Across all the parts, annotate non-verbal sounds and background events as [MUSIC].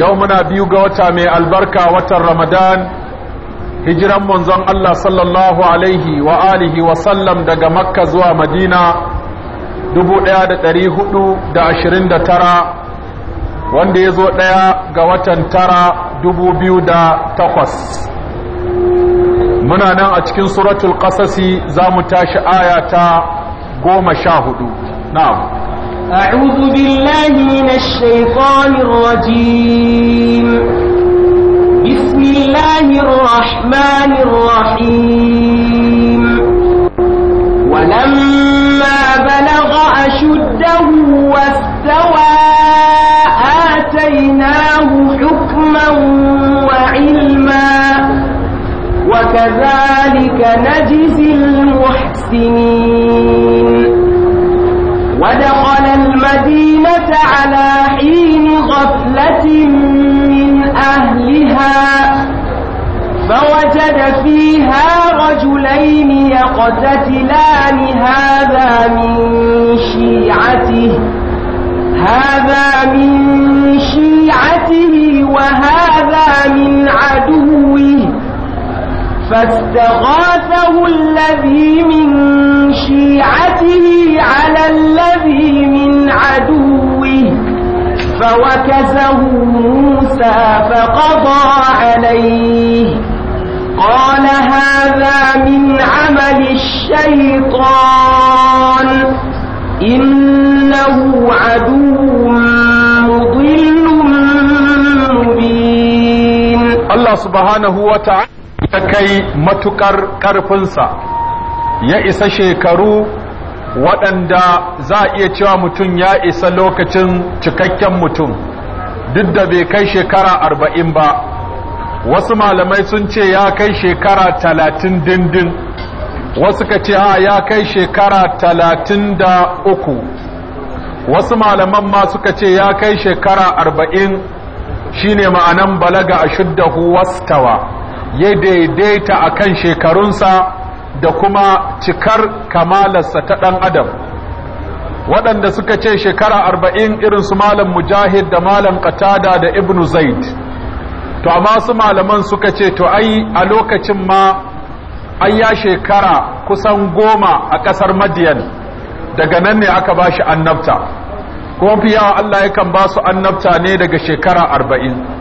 yau muna biyu ga wata mai albarka watan ramadan hijiran manzon Allah sallallahu alaihi wa alihi wa sallam daga makka zuwa madina 1429 wanda ya zo ɗaya ga watan tara 2008 muna nan a cikin suratul ƙasasi za mu tashi aya ta goma sha hudu na'am أعوذ بالله من الشيطان الرجيم بسم الله الرحمن الرحيم ولما بلغ أشده واستوى آتيناه حكما وعلما وكذلك نجزي المحسنين على حين غفلة من أهلها فوجد فيها رجلين يقتتلان هذا من شيعته هذا من شيعته وهذا من عدوه فاستغاثه الذي من شيعته على الذي من عدوه فوكسه موسى فقضى عليه قال هذا من عمل الشيطان إنه عدو مضل مبين الله سبحانه وتعالى kai matukar karfinsa ya isa shekaru waɗanda za a iya cewa mutum ya isa lokacin cikakken mutum duk da bai kai shekara arba'in ba wasu malamai sun ce ya kai shekara talatin dindin wasu ka ce ya kai shekara talatin da uku wasu malaman ma suka ce ya kai shekara arba'in shine ma'anan balaga a shudda huwastawa ya daidaita a kan shekarunsa da kuma cikar kamalarsa ta ɗan adam waɗanda suka ce shekara arba'in irin su malam mujahid da malam qatada da Ibn zaid to amma su malaman suka ce to ai a lokacin ma ai ya shekara kusan goma a ƙasar madiyan daga nan ne aka ba shi annabta kuma fi yawa allah yakan ba su annabta ne daga shekara arba'in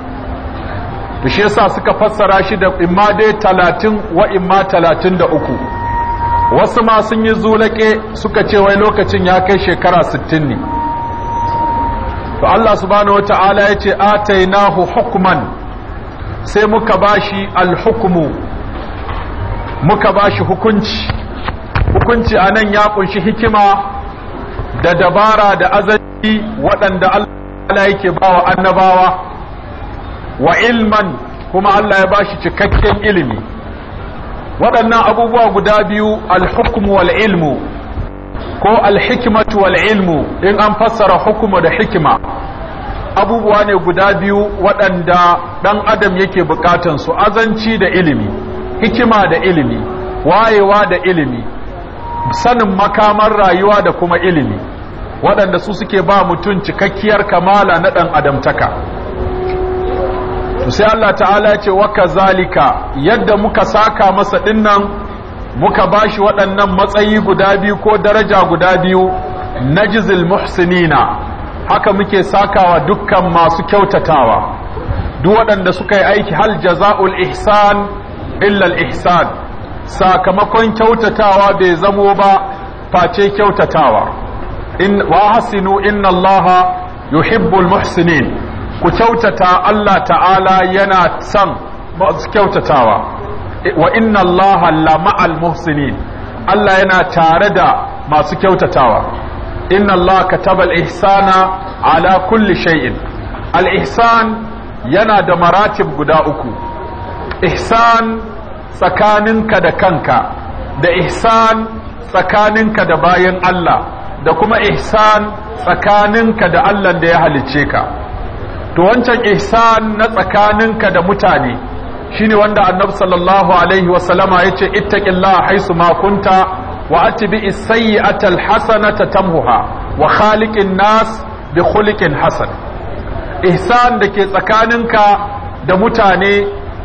da shi yasa suka fassara shi da imma dai talatin wa imma talatin da uku wasu ma sun yi zulake suka ce wai lokacin ya kai shekara sittin ne to Allah subhanahu wa ta'ala ya ce atainahu hukman sai muka bashi alhukmu muka bashi hukunci hukunci a nan ya kunshi hikima da dabara da azali waɗanda Allah yake bawa annabawa wa ilman kuma Allah ya bashi cikakken ilimi waɗannan abubuwa guda biyu alhukmu wal ilmu ko alhikmatu wal ilmu in an fassara hukuma da hikima abubuwa ne guda biyu waɗanda ɗan adam yake buƙatan su azanci da ilimi hikima da ilimi wayewa da ilimi sanin makamar rayuwa da kuma ilimi waɗanda su suke ba mutum cikakkiyar kamala na ɗan adamtaka sai Allah ta'ala ce wa kazalika yadda muka saka masa dinnan muka bashi waɗannan matsayi guda biyu ko daraja guda biyu na jizil muhsinina haka muke sakawa dukkan masu kyautatawa duk waɗanda suka yi aiki hal jaza'ul ihsan illa ihsan sakamakon kyautatawa bai zamo ba face kyautatawa in wa hasinu inna allaha yuhibbul muhsinin ku kyautata Allah ta'ala yana son masu kyautatawa wa inna Allah lama ma'al muhsinin Allah yana tare da masu kyautatawa inna Allah kataba al-ihsana ala kulli shay'in al-ihsan yana da maratib guda uku ihsan tsakaninka da kanka da ihsan tsakaninka da bayan Allah da kuma ihsan tsakaninka da Allah da ya halicce ka to wancan ihsan na tsakaninka da mutane shine wanda annabi sallallahu alaihi wasallama yace ittaqillaha haisu ma kunta wa atbi as-sayyi'ata al-hasanata tamhuha wa khaliqin nas bi khuliqin hasan ihsan dake tsakaninka da mutane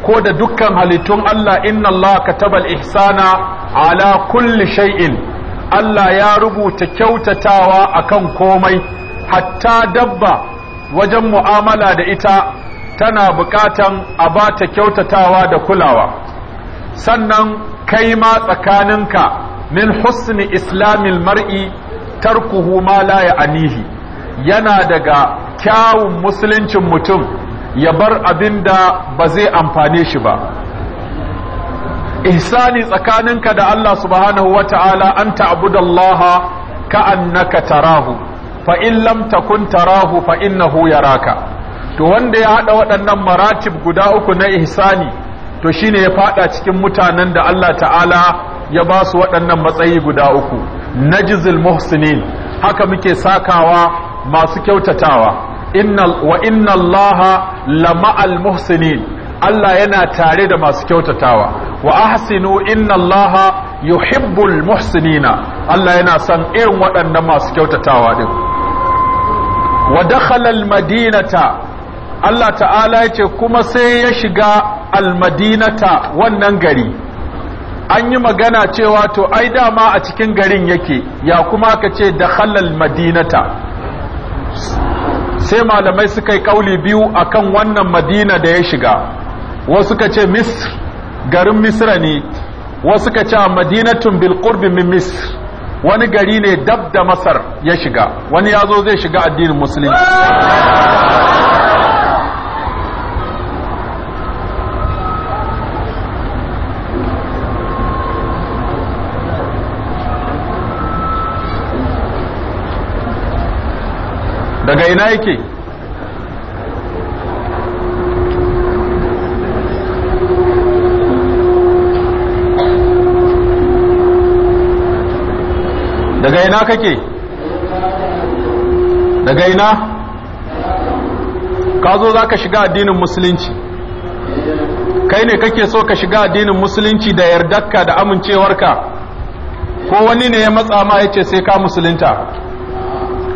ko da dukkan halittun Allah inna Allah kataba al-ihsana ala kulli shay'in Allah ya rubuta kyautatawa akan komai hatta dabba wajen mu'amala da ita tana bukatan a ba ta kyautatawa da kulawa sannan kai ma tsakaninka min husni islamil mar'i tarkuhu ma la ya'nihi yana daga kyawun musuluncin mutum ya bar abin da ba zai amfane shi ba ihsani tsakaninka da Allah subhanahu wata'ala an ta'budallaha annaka tarahu fa in kun takun tarahu fa innahu yaraka to wanda ya haɗa waɗannan maratib guda uku na ihsani to shine ya faɗa cikin mutanen da Allah ta'ala ya ba su waɗannan matsayi guda uku jizil muhsinin haka muke sakawa masu kyautatawa wa inna allaha lama'al muhsinin Allah yana tare da masu kyautatawa wa ahsinu inna allaha yuhibbul muhsinina Allah yana son irin waɗannan masu kyautatawa ɗin wa dakhala Madinata, Allah ta'ala ya ce kuma sai ya shiga almadinata wannan gari an yi magana cewa to ai dama a cikin garin yake ya kuma aka ce dakhala Madinata? sai malamai suka yi kauli biyu akan wannan madina da ya shiga wasu ka ce misr garin misra ne wasu ka ce madinatun bilqurbi min misr wani gari ne dab da masar ya shiga wani ya zo zai shiga addinin musulunci daga ina yake ina kake daga ina ka zo za ka shiga addinin musulunci kai ne kake so ka shiga addinin musulunci da yardakka da amincewarka ko wani ne ya matsa ma ya ce sai ka musulunta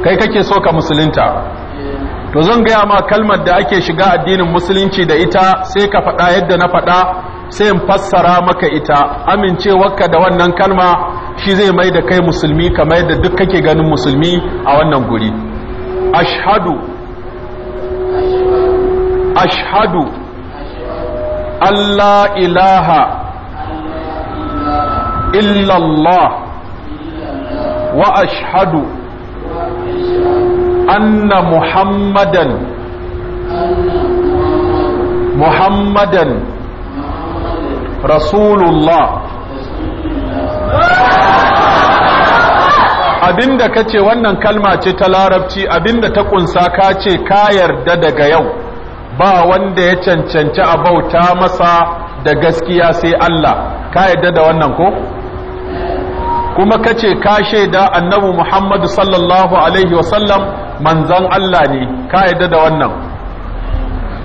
kai kake so ka musulunta to zan gaya ma kalmar da ake shiga addinin musulunci da ita sai ka faɗa yadda na faɗa sai in fassara maka ita amincewarka da wannan kalma shi zai mai da kai musulmi kamar yadda duk kake ganin musulmi a wannan guri ashhadu ashhadu Allah ilaha illallah wa ashhadu anna muhammadan muhammadan rasulullah abinda ka ce wannan kalma ce ta larabci abin da ta kunsa ka ce ka yarda daga yau ba wanda ya cancanci a bauta masa da gaskiya sai Allah ka yarda da wannan ko kuma ka ce ka shaida annabu Muhammadu sallallahu alaihi wasallam manzan Allah ne ka yarda da wannan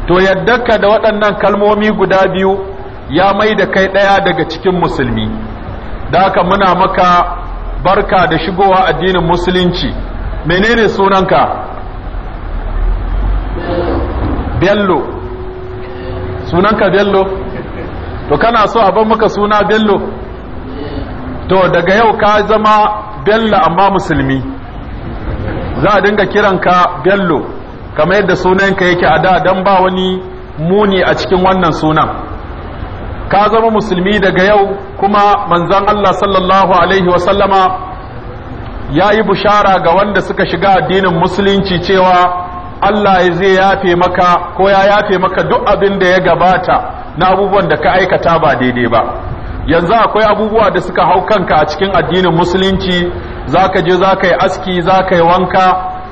to yadda ka da waɗannan kalmomi guda biyu ya mai da kai ɗaya daga cikin musulmi daka muna maka barka da shigowa addinin musulunci menene sunanka bello sunanka bello to kana so a bar maka suna bello to daga yau ka zama bello amma musulmi za a dinga kiranka bello kamar yadda sunanka yake a da don ba wani muni a cikin wannan sunan ka zama musulmi daga yau kuma manzan Allah sallallahu alaihi wasallama ya yi bushara ga wanda suka shiga addinin musulunci cewa Allah zai yafe maka ko ya yafe maka duk abin da ya gabata na abubuwan da ka aikata ba daidai ba yanzu akwai abubuwa da suka hau kanka a cikin addinin musulunci za ka je za ka yi aski za ka yi wanka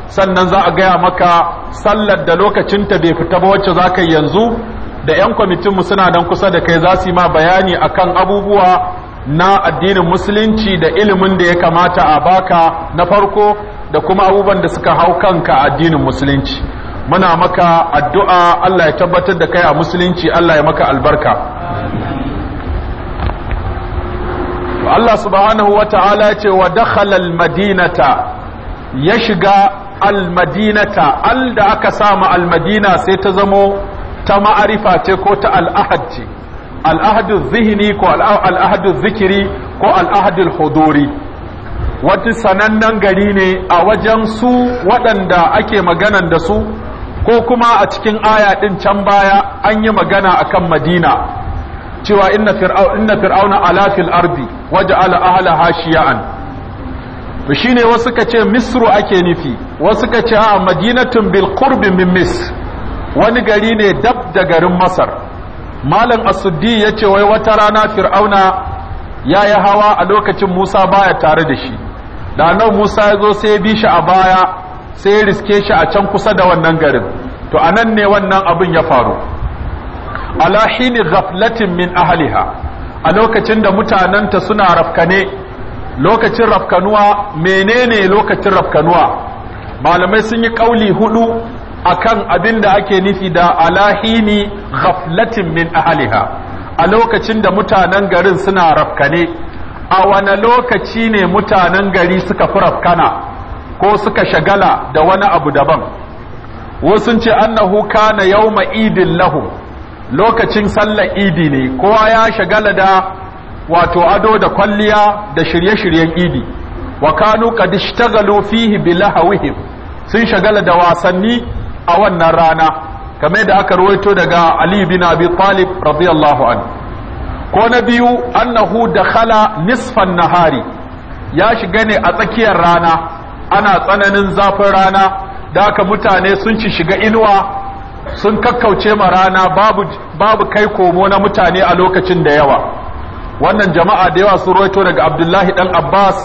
sannan za a gaya maka sallar da lokacinta bai fita ba wacce za ka yi yanzu da 'yan kwamitinmu suna dan kusa da kai za su yi ma bayani akan abubuwa na addinin musulunci da ilimin da ya kamata a baka na farko da kuma abubuwan da suka hau kanka addinin musulunci muna maka addu'a Allah ya tabbatar da kai a musulunci Allah ya maka albarka Allah subhanahu wa ta'ala ya ce wa dakhala al-madinata ya shiga al-madinata al da aka sama al-madina sai ta zamo ta ma'arifa ce ko ta al'ahad ce al'ahadun zihini ko al'ahadun zikiri ko al'ahadun huduri wata sanannen gari ne a wajen su waɗanda ake maganan da su ko kuma a cikin aya ɗin can baya an yi magana a kan madina cewa inna fir'auna ala waje ardi waja'ala ahlaha shi'an to shine wasu ka ce misru ake nufi wasu ka ce a madinatun bil min wani gari ne dab da garin masar malam asuddi ya ce wai wata rana fir'auna ya yi hawa a lokacin musa baya tare da shi da nan musa ya zo sai ya bi shi a baya sai ya riske shi a can kusa da wannan garin to a nan ne wannan abin ya faru alahini ghaflatin min ahaliha, a lokacin da mutanenta suna rafkane lokacin rafkanuwa menene lokacin rafkanuwa malamai sun yi kauli hudu akan abin da ake nufi da alahini ghaflatin min ahliha a lokacin da mutanen garin suna rafkane a wane lokaci ne mutanen gari suka fi rafkana ko suka shagala da wani abu daban wasu ce annahu kana yawma idin lahu? lokacin sallar idi ne kowa ya shagala da wato ado da kwalliya da shirye-shiryen idi wa kanu qad fihi bilahawihim sun shagala da wasanni a wannan rana kame da aka ruwaito daga Ali bin Abi Talib radiyallahu an ko na biyu annahu dakhala nisfan nahari ya shiga ne a tsakiyar rana ana tsananin zafin rana da aka mutane sun ci shiga inuwa sun kakkauce ma rana babu babu kai komo na mutane a lokacin da yawa wannan jama'a da yawa sun ruwaito daga Abdullahi dan Abbas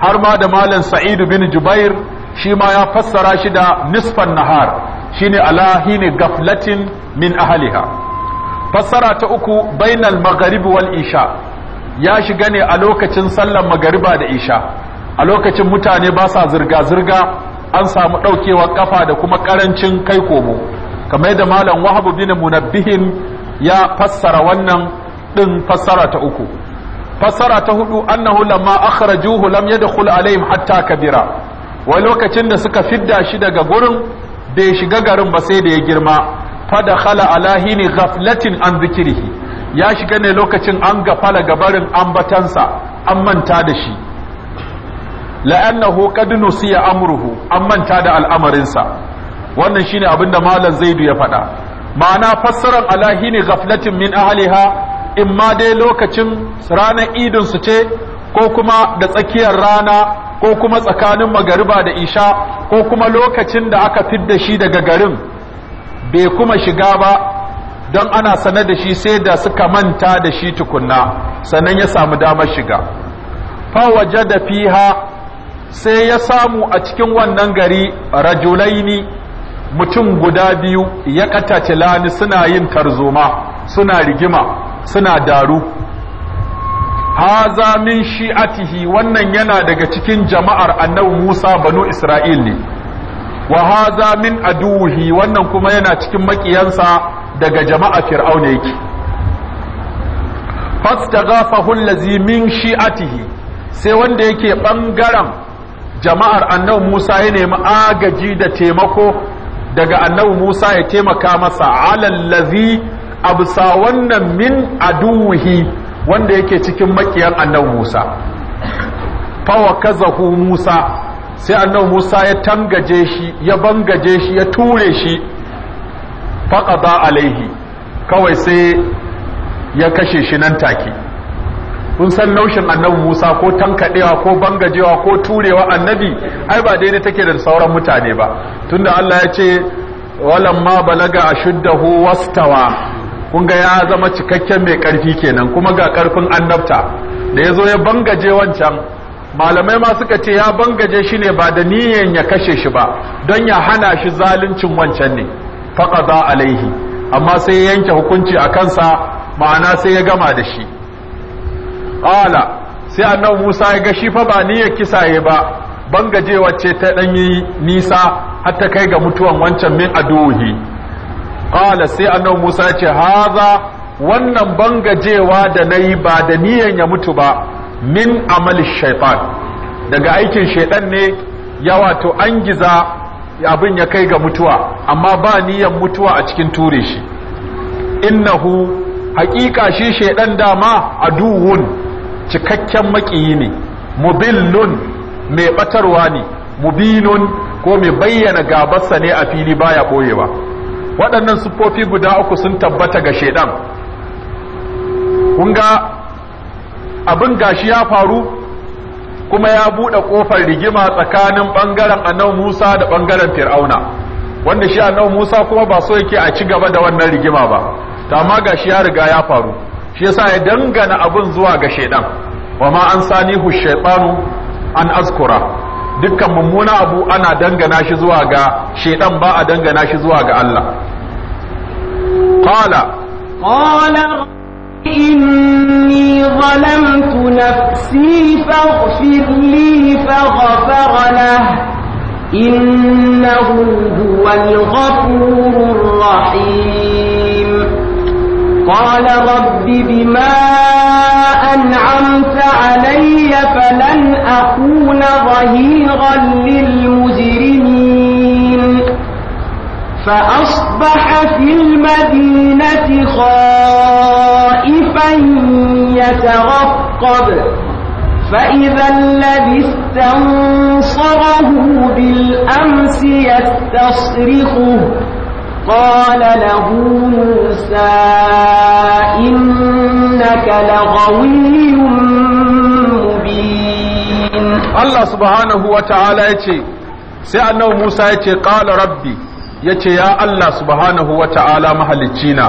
har ma da malam Sa'id bin Jubair shi ma ya fassara shi da nisfan nahar shine ala hini gaflatin min ahaliha fassara ta uku bainal maghrib wal isha ya shiga ne a lokacin sallar magariba da isha a lokacin mutane ba sa zirga zirga an samu daukewar kafa da kuma karancin kai komo kamar da malam wahabu bin munabbihin ya fassara wannan din fassara ta uku fassara ta hudu annahu lamma akhrajuhu lam yadkhul alaihim hatta kabira wai lokacin da suka fidda shi daga gurin bai shiga garin ba sai da ya girma fada khala alahini ghaflatin an zikirihi ya shiga ne lokacin an gafala gabarin ambatansa an manta da shi la'annahu qad nusiya amruhu an manta da al'amarinsa wannan shine abin da malam zaidu ya faɗa ma'ana fassarar alahini ghaflatin min ahliha in dai lokacin ranar idin su ce ko kuma da tsakiyar rana ko kuma tsakanin magariba da isha ko kuma lokacin da aka da shi daga garin bai kuma shiga ba don ana sanar da shi sai da suka manta da shi tukunna sannan ya samu damar shiga fawaje da fiha sai ya samu a cikin wannan gari rajulaini mutum guda biyu ya katace lani suna yin tarzoma suna rigima suna daru haza min shi'atihi wannan yana daga cikin jama'ar annabi Musa banu Isra'il ne wa haza min aduhi wannan kuma yana cikin makiyansa daga jama'a fir'auna yake fastaghafahu allazi min shi'atihi sai wanda yake bangaren jama'ar annabi Musa ya nemi agaji da taimako daga annabi Musa ya taimaka masa alallazi absa wannan min aduhi wanda yake cikin makiyar annabi Musa fawa kazahu Musa sai annabu Musa ya tangaje shi ya bangaje shi ya ture shi faqada alaihi kawai sai ya kashe shi nan take kun san laushin annabi Musa ko tankadewa ko bangajewa ko turewa annabi ai ba daidai take da sauran mutane ba tunda Allah ya ce walamma balaga ashuddahu wastawa kun ga ya zama cikakken mai ƙarfi kenan kuma ga karfin annabta da ya zo ya bangaje wancan malamai ma suka ce ya bangaje shi ne ba da niyan ya kashe shi ba don ya hana shi zaluncin wancan ne faƙa za a laihi amma sai ya yanke hukunci a kansa ma'ana sai ya gama da shi A'ala sai annabi Musa ya ga shi fa ba kisa kisaye ba bangaje ce ta ɗanyi nisa har ta kai ga mutuwan wancan min aduhi qala sai annabi Musa ya ce haza wannan bangajewa da nayi ba da niyan ya mutu ba min amali shaytan daga aikin shaytan ne ya wato an giza abin ya kai ga mutuwa amma ba niyan mutuwa a cikin ture shi innahu haƙiƙa shi shaytan dama aduwun cikakken maƙiyi ne mubillun mai batarwa ne mubinun ko mai bayyana gabarsa ne a fili baya ɓoyewa waɗannan siffofi guda uku sun tabbata ga shaidan Kunga abin gashi ya faru kuma ya buɗe ƙofar rigima tsakanin ɓangaren annabi Musa da ɓangaren Fir'auna wanda shi annabi Musa kuma ba so yake a ci gaba da wannan rigima ba to amma gashi ya riga ya faru shi yasa ya dangana abin zuwa ga shaidan wa ma an sanihu shaytanu an azkura dukkan mummuna abu ana dangana shi zuwa ga shaidan ba a dangana shi zuwa ga Allah. Kala. Kala inni zalamtu nafsi faghfir li faghfara lahu innahu huwal ghafurur قال رب بما أنعمت علي فلن أكون ظهيرا للمجرمين فأصبح في المدينة خائفا يترقب فإذا الذي استنصره بالأمس يستصرخه قال له موسى إنك لغوي مبين الله سبحانه وتعالى يتي سأنه موسى يتي قال ربي يتي يا الله سبحانه وتعالى مهلتشينا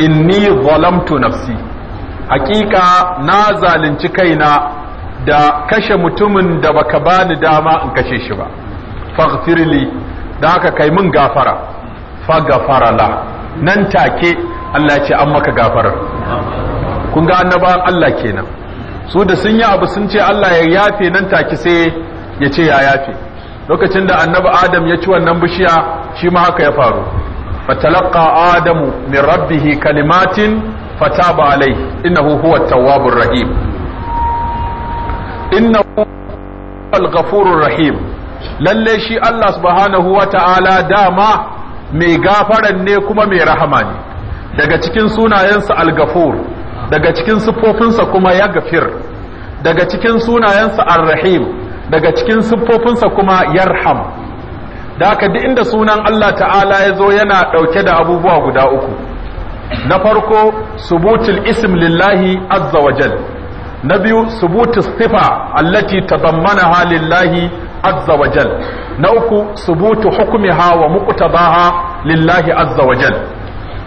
إني ظلمت نفسي حقيقة نازل انتكينا da kashe mutumin da baka bani dama in kashe shi ba faghfirli da haka kai mun gafara faghfara nan take Allah ya ce an maka gafarar. kun ga annabawan Allah kenan su da sun yi abu sun ce Allah ya yafe nan take sai ya ce ya yafe lokacin da annabi Adam ya ci wannan bishiya shi ma haka ya faru fatalaqa adamu min rabbihi kalimatin fataba alayhi innahu huwa tawwabur rahim innahu al-ghafurur rahim lalle shi Allah subhanahu wa ta'ala dama mai gafaran ne kuma mai rahama ne daga cikin sunayensa al daga cikin siffofinsa kuma ya gafir daga cikin sunayensa ar-rahim daga cikin siffofinsa kuma yarham da aka duk inda sunan Allah ta'ala ya zo yana ɗauke da abubuwa guda uku na farko subutul ism lillahi azza wajal na biyu subutus sifa allati tadammanaha lillahi azza wa jal na uku subutu hukumiha wa muqtadaha lillahi azza wa jal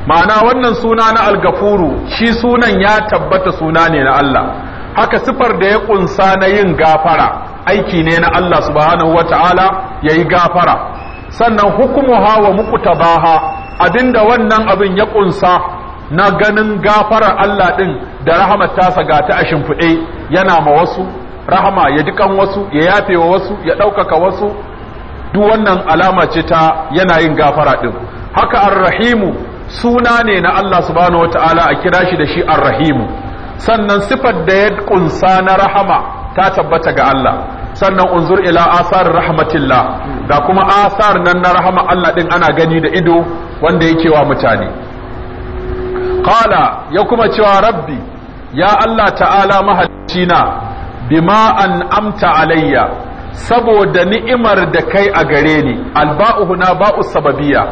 ma'ana wannan suna na algafuru shi sunan ya tabbata suna ne na Allah haka sifar da ya kunsa na yin gafara aiki ne na Allah subhanahu wata'ala yayi gafara sannan hukumuha wa muqtadaha abinda wannan abin ya kunsa na ganin gafarar Allah din da rahmat tasa ga ta a shimfiɗe yana ma wasu rahama ya dukan wasu ya yafe wa wasu ya ɗaukaka wasu duk wannan alama ce ta yana yin gafara ɗin haka arrahimu suna ne na Allah subhanahu wata'ala a kira shi da shi arrahimu sannan sifar da ya kunsa na rahama ta tabbata ga Allah sannan unzur ila asar rahmatillah da kuma asar nan na rahama Allah ɗin ana gani da ido wanda ya wa mutane qala ya kuma cewa rabbi ya Allah ta'ala mahalicina bima an amta alayya saboda ni'imar da kai a gare ni alba'u huna ba'u sababiyya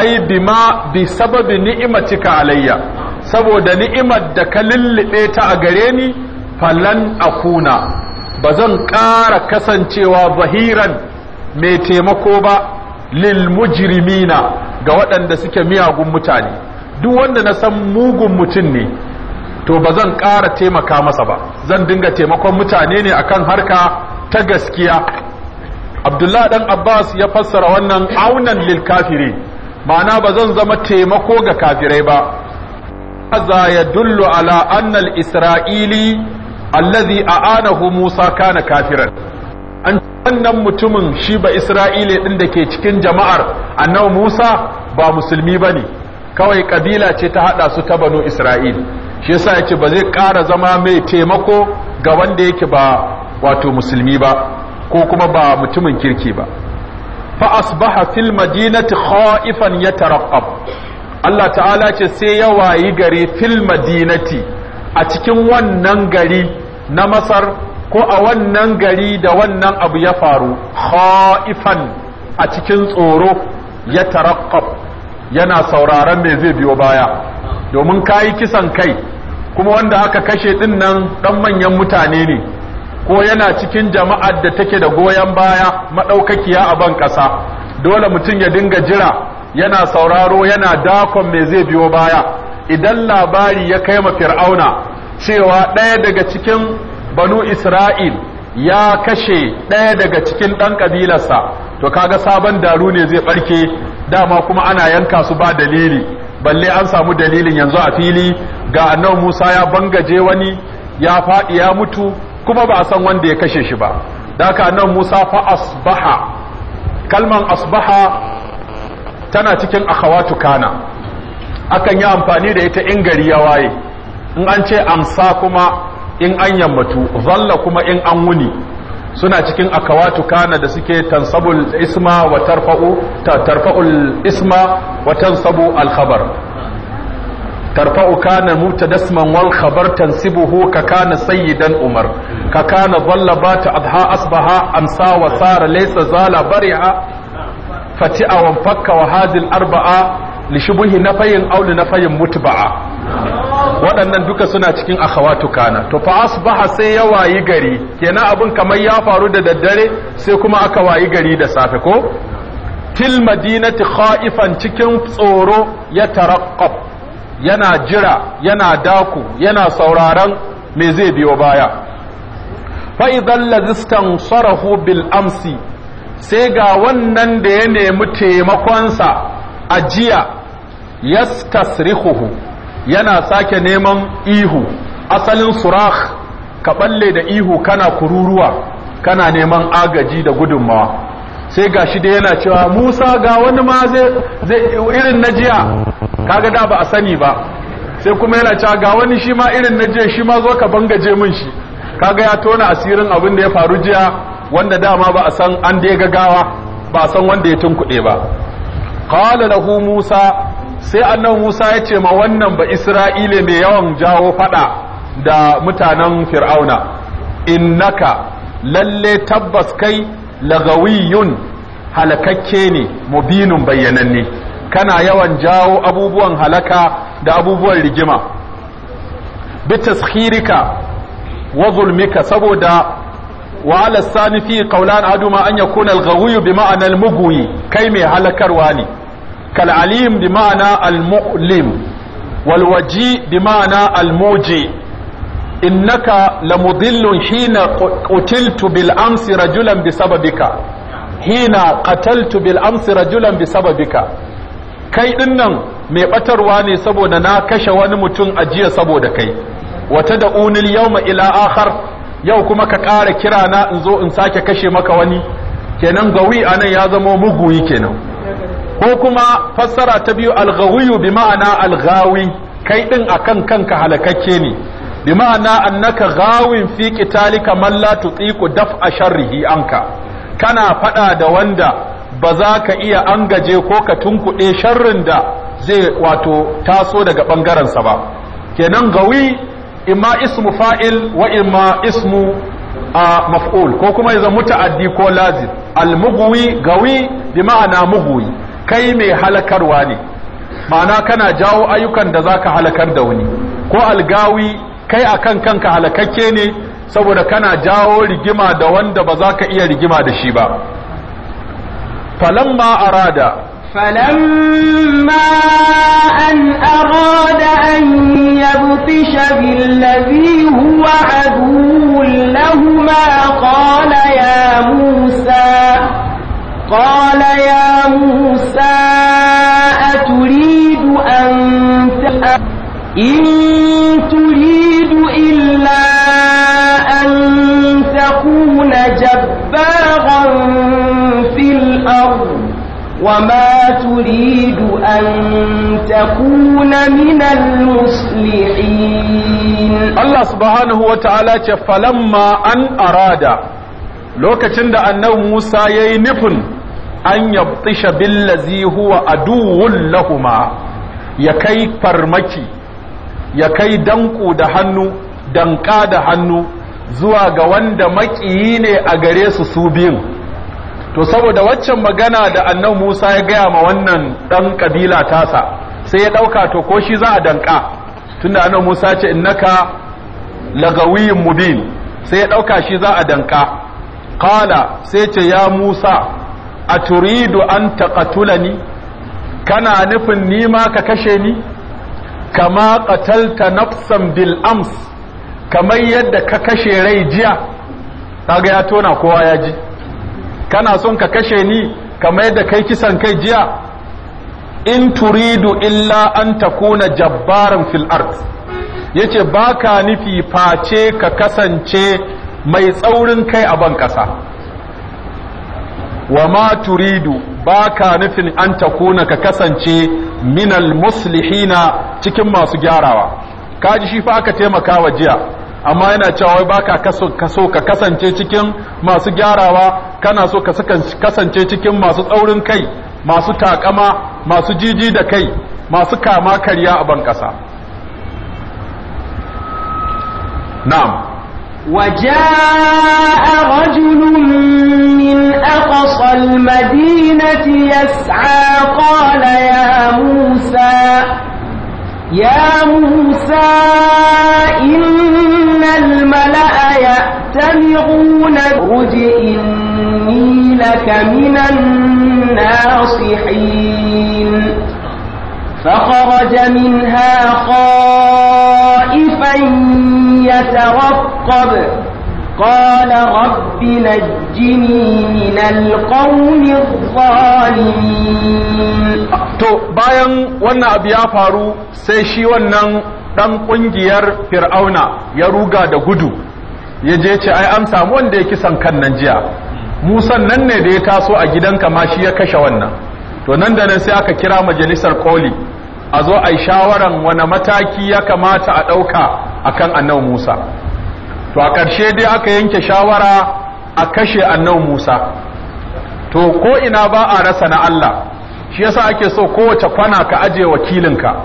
ai bima bi sababi ka alayya saboda ni'imar da ka lullube ta a gare ni falan akuna ba zan ƙara kasancewa zahiran mai taimako ba lil mujrimina ga waɗanda suke miyagun mutane duk wanda na san mugun mutum ne to ba zan ƙara taimaka masa ba zan dinga taimakon mutane ne akan harka ta gaskiya abdullah dan abbas ya fassara wannan aunan lil kafiri ma'ana ba zan zama taimako ga kafirai ba هذا يدل على أن isra'ili الذي a'anahu musa kana kafiran an wannan mutumin shi ba Isra'ile ɗin da ke cikin jama'ar annabi Musa ba musulmi ba ne, kawai ƙabila ce ta haɗa su ta banu Isra'il. shi yasa yace ba zai ƙara zama mai taimako ga wanda yake ba wato musulmi ba ko kuma ba mutumin kirki ba fa asbaha fil madinati khaifan yatarqab Allah ta'ala ce sai ya wayi gari fil madinati a cikin wannan gari na Masar ko a wannan gari da wannan abu ya faru khaifan a cikin tsoro ya yana sauraron me zai biyo baya domin ka yi kisan kai kuma wanda aka kashe ɗin nan ɗan manyan mutane ne ko yana cikin jama'ar da take da goyon baya maɗaukakiya a ban ƙasa, dole mutum ya dinga jira yana sauraro yana dakon me zai biyo baya idan labari ya kai ma fir'auna cewa ɗaya daga cikin banu isra'il ya kashe ɗaya daga cikin ɗan ƙabilarsa to kaga sabon daru ne zai ɓarke dama kuma ana yanka su ba dalili balle an samu dalilin yanzu a fili ga annabi Musa ya bangaje wani ya faɗi ya mutu kuma ba a san wanda ya kashe shi ba da haka Musa fa asbaha kalman asbaha tana cikin akhawatu kana akan yi amfani da ita in gari ya waye in an ce amsa kuma in an yammatu zalla kuma in an wuni suna cikin akawatu kana da suke tansabul isma wa tarfa'u tarfa'ul isma wa tansabu al khabar tarfa'u kana mutadasman wal khabar tansibuhu ka kana sayyidan umar ka kana dhalla bata adha asbaha amsa wa sara laysa zala bari'a fati'a wa fakka wa hadhihi al arba'a li shubuhi nafayin aw li nafayin mutba'a waɗannan duka suna cikin akhawatu kana to fa asbaha sai ya wayi gari kenan abun kamar ya faru da daddare sai kuma aka wayi gari da safe ko Til madinati khaifan cikin tsoro ya taraqqab yana jira yana daku yana sauraron me zai biyo baya fa idhal ladistan sarahu bil amsi sai ga wannan da ya nemi taimakonsa a jiya yastasrihuhu yana sake neman ihu asalin surak ka balle da ihu kana kururuwa kana neman agaji da gudunmawa sai ga shi da yana cewa Musa ga wani ma zai irin na jiya kaga da ba a sani ba sai kuma yana cewa ga wani shi ma irin na jiya shi ma zo ka bangaje min shi kaga ya tona asirin abin da ya faru jiya wanda dama ba a san an ya gagawa ba a san wanda ya tunkuɗe ba qala lahu Musa sai Annan Musa ya ce ma wannan ba Isra'ile mai yawan jawo fada da mutanen Fir'auna innaka lalle tabbas kai lagawiyun halakakke ne mubinun bayyananne kana yawan jawo abubuwan halaka da abubuwan rigima bitaskirika wa zulmika saboda wa alassani fi qawlan aduma an yakuna al bi ma'anar muguyi kai mai halakarwa ne كالعليم بمعنى المؤلم والوجي بمعنى الموجي إنك لمضل حين قتلت بالأمس رجلا بسببك حين قتلت بالأمس رجلا بسببك kai ɗinnan mai ɓatarwa ne saboda na kashe wani mutum a jiya saboda kai wata da unil yawma ila akhar yau kuma ka ƙara kira na in zo in sake kashe maka wani kenan gawi anan ya zama muguyi kenan ko kuma fassara ta biyu alghawiyu bi ma'ana alghawi kai din akan kanka halakakke ne bi ma'ana annaka ghawin fi qitalika man la tutiqu daf'a sharrihi anka kana fada da wanda ba za ka iya angaje ko ka tunkuɗe sharrin da zai wato taso daga ɓangarensa ba kenan gawi imma ismu fa'il wa imma ismu maf'ul ko kuma ya zama muta'addi ko lazim al gawi bi ma'ana mughwi kai mai halakarwa ne ma'ana kana jawo ayyukan da zaka halakar da wani ko algawi kai akan kanka halakakke ne saboda kana jawo rigima da wanda ba za ka iya rigima da shi ba falamma arada فلما أن أراد أن يبطش بالذي هو عدو لهما قال ya musa, قال ya. الأرض وما تريد أن تكون من المصلحين الله سبحانه وتعالى فلما أن أراد لوكتند أنه موسى ينفن أن يبطش بالذي هو أدو لهما يكي فرمكي يكي دنقو دهنو دنقا دهنو zuwa ga wanda makiyi ne a gare su su biyu to saboda waccan magana da annan Musa ya gaya ma wannan dan kabila tasa sai ya dauka to ko shi za a danka tunda annan Musa ce innaka lagawiyin mubin sai ya dauka shi za a danka qala sai ce ya Musa a turidu an taqatulani kana nufin ni ma ka kashe ni kama qatalta nafsan bil ams kamar yadda ka kashe rai jiya kaga ya tona kowa ya ji kana son ka kashe ni kamar yadda kai kisan kai jiya in turidu illa an takuna jabbaran fil yace baka nufi face ka kasance mai tsaurin kai a ban kasa wa ma turidu baka nufin an takuna ka kasance minal muslihina cikin masu gyarawa kaji shi fa aka taimaka wa jiya amma yana cewa wai baka kaso ka kasance cikin masu gyarawa kana so ka kasance cikin masu tsaurin kai masu takama masu jiji da kai masu kama karya a ban kasa na'am وجاء rajulun min أقصى المدينة يسعى قال ya musa يا موسى إن الملأ يأتمرون رج إني لك من الناصحين فخرج منها خائفا يترقب قال رب نجني من القوم الظالمين تو باين ونا ابيا ya سيشي sai wannan Dan kungiyar fir'auna ya ruga da gudu ya je ce ai an samu wanda ya kisan kan nan jiya musan nan ne da ya taso a gidanka ma shi ya kashe wannan to nan da nan sai aka kira majalisar koli a zo a shawaran wani mataki ya kamata a ɗauka a kan annabi musa to a ƙarshe dai aka yanke shawara a kashe annabi musa to ko ina ba a rasa na allah shi yasa ake so kowace kwana ka aje wakilinka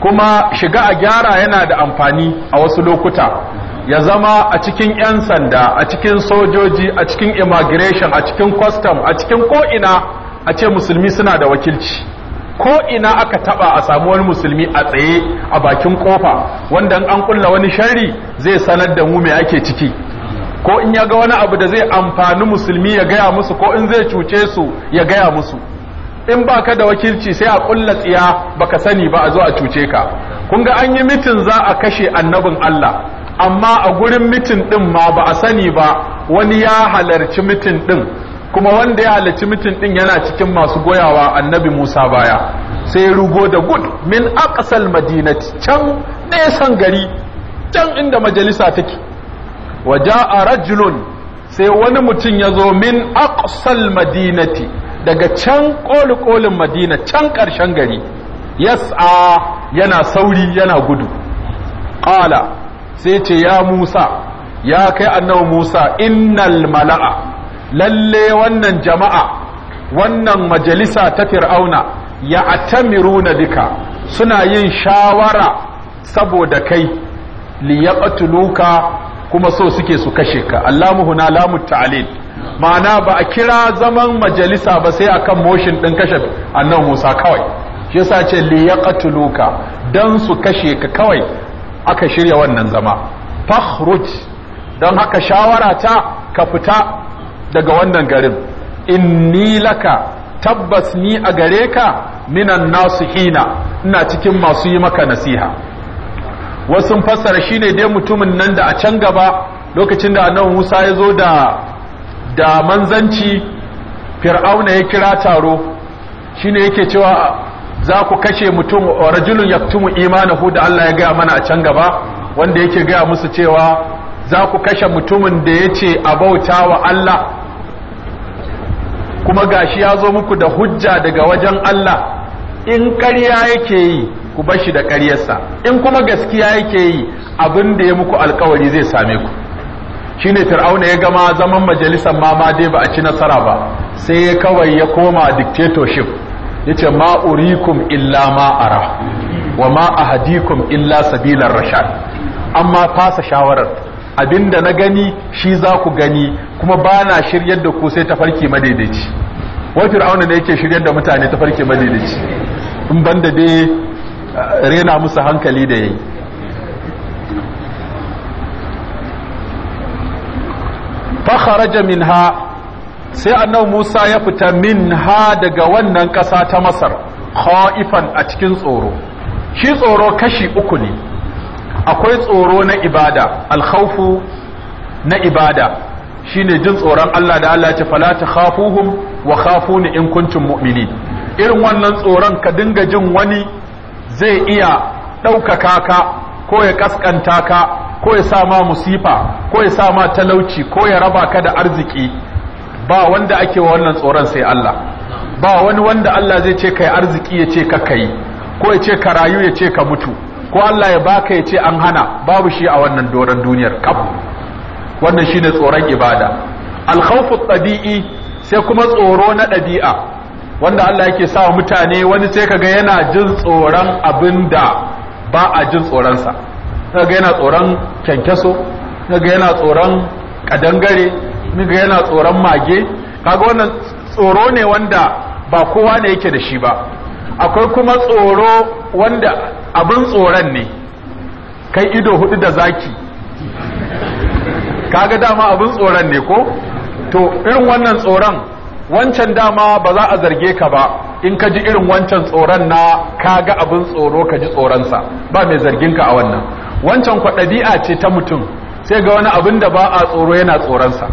kuma shiga a gyara yana da amfani a wasu lokuta ya zama a cikin 'yan sanda a cikin sojoji a cikin immigration a cikin custom a cikin ko'ina a ce musulmi suna da wakilci ko'ina aka taba a samu wani musulmi a tsaye a bakin kofa wanda an kulla wani shari zai sanar da mu mai ake ciki ko in ya ga wani abu da zai amfani musulmi ya gaya musu ko in zai cuce su ya gaya musu in ba ka da wakilci sai a kulla tsiya baka sani ba a zo a cuce ka kun ga an yi mitin za a kashe annabin Allah amma a gurin mitin din ma ba a sani ba wani ya halarci mitin din kuma wanda ya halarci mitin din yana cikin masu goyawa annabi Musa baya sai ya rugo da gud min aqsal madinati can nesan gari can inda majalisa take waja'a rajulun sai wani mutum ya zo min aqsal madinati daga can ƙoli-ƙolin madina can ƙarshen gari yas'a yana sauri yana gudu ƙala sai ce ya musa ya kai annabi musa innal mala'a lalle wannan jama'a wannan majalisa ta fir'auna ya atamiruna duka suna yin shawara saboda kai liyaqtuluka kuma so suke su kashe ka allamu na lamu ta'alil ma'ana ba a kira zaman majalisa ba sai akan motion din kashe annan musa kawai shi yasa ce li yaqtuluka dan su kashe ka kawai aka shirya wannan zama fakhruj dan haka shawara ta ka fita daga wannan garin inni laka tabbas ni a gare ka minan nasihina ina cikin masu yi maka nasiha wasu fassara shi ne dai mutumin nan da a can gaba lokacin da nan Musa ya zo da da manzanci fir'auna ya kira taro Shi ne yake cewa za ku kashe mutum rajulun yaktumu imanahu da Allah ya gaya mana a can gaba wanda yake gaya musu cewa za ku kashe mutumin da ya ce a bauta wa Allah kuma gashi ya zo muku da hujja daga wajen Allah in ƙarya yake yi ku bar shi da ƙaryarsa in kuma gaskiya yake yi abin da ya muku alkawari zai same ku shine fir'auna ya gama zaman majalisar ma ma dai ba a ci nasara ba sai ya kawai ya koma dictatorship yace ma urikum illa ma ara wa ma ahadikum illa sabilar rashad amma fasa shawarar abinda na gani shi za ku gani kuma ba na shiryar da ku sai tafarki madaidaici wa fir'auna ne yake shiryar da mutane tafarki madaidaici in banda dai rena musu hankali da yayi fakharaja minha sai annabi Musa ya fita minha daga wannan ƙasa ta Masar khaifan a cikin tsoro shi tsoro kashi uku ne akwai tsoro na ibada alkhawfu na ibada shine jin tsoron Allah da Allah ya ce fala takhafuhum wa khafuni in kuntum mu'minin irin wannan tsoron ka dinga jin wani zai iya ɗaukaka ka ko ya ƙasƙanta ka ko ya sa ma musifa ko ya sa ma talauci ko ya raba ka da arziki ba wanda ake wa wannan tsoron sai Allah ba wani wanda Allah zai ce kai arziki ya ce ka kai ko ya ce ka rayu ya ce ka mutu ko Allah ya baka ya ce an hana babu shi a wannan doron duniyar kafu. wannan shine tsoron ibada al-khawfu sai kuma tsoro na ɗabi'a wanda Allah yake sa wa mutane wani sai ga yana jin tsoron abin ba a jin tsoronsa kaga yana tsoron kyankyaso kaga yana tsoron kadangare kaga yana tsoron mage kaga wannan tsoro ne wanda ba kowa ne yake da shi ba akwai kuma tsoro wanda abin tsoron ne kai ido hudu da zaki kaga dama abin tsoron ne ko to irin wannan tsoron wancan dama ba za a zarge ka ba in ka ji irin wancan tsoron na ka ga abin tsoro ka ji tsoronsa ba mai zargin ka a wannan wancan kwa ce ta mutum sai ga wani abin da ba a tsoro yana tsoronsa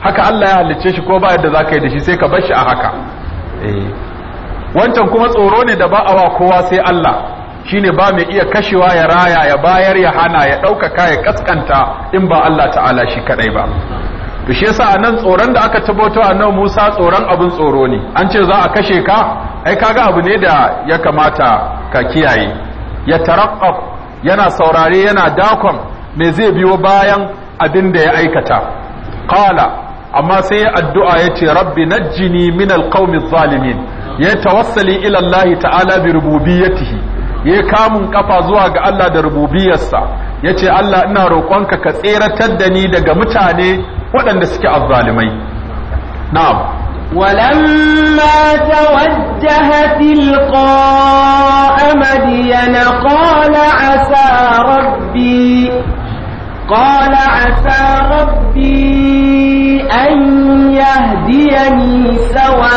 haka Allah ya halicce shi ko ba yadda za ka yi da shi sai ka bar shi a haka eh. wancan kuma tsoro ne da ba a wa kowa sai Allah shi ne ba mai iya kashewa ya raya ya bayar ya hana ya ɗaukaka ya kaskanta in ba Allah ta'ala shi kaɗai ba to shi yasa nan tsoron da aka tabbato a nan Musa tsoron abin tsoro ne an ce za a kashe ka ai kaga abu ne da ya kamata ka kiyaye ya taraqqab yana saurare yana dakon me zai biyo bayan abin da ya aikata qala amma sai addu'a yace rabbi najjini min alqawmi zalimin ya tawassali ila Allah ta'ala bi rububiyyatihi ya kamun kafa zuwa ga Allah da rububiyarsa Yace Allah ina roƙonka ka tseratar da daga mutane waɗanda suke azzalumai na'am walamma ta wajaha tilqa a madiyana ƙola a sa rabbi ƙola a rabbi an ya diya nisawa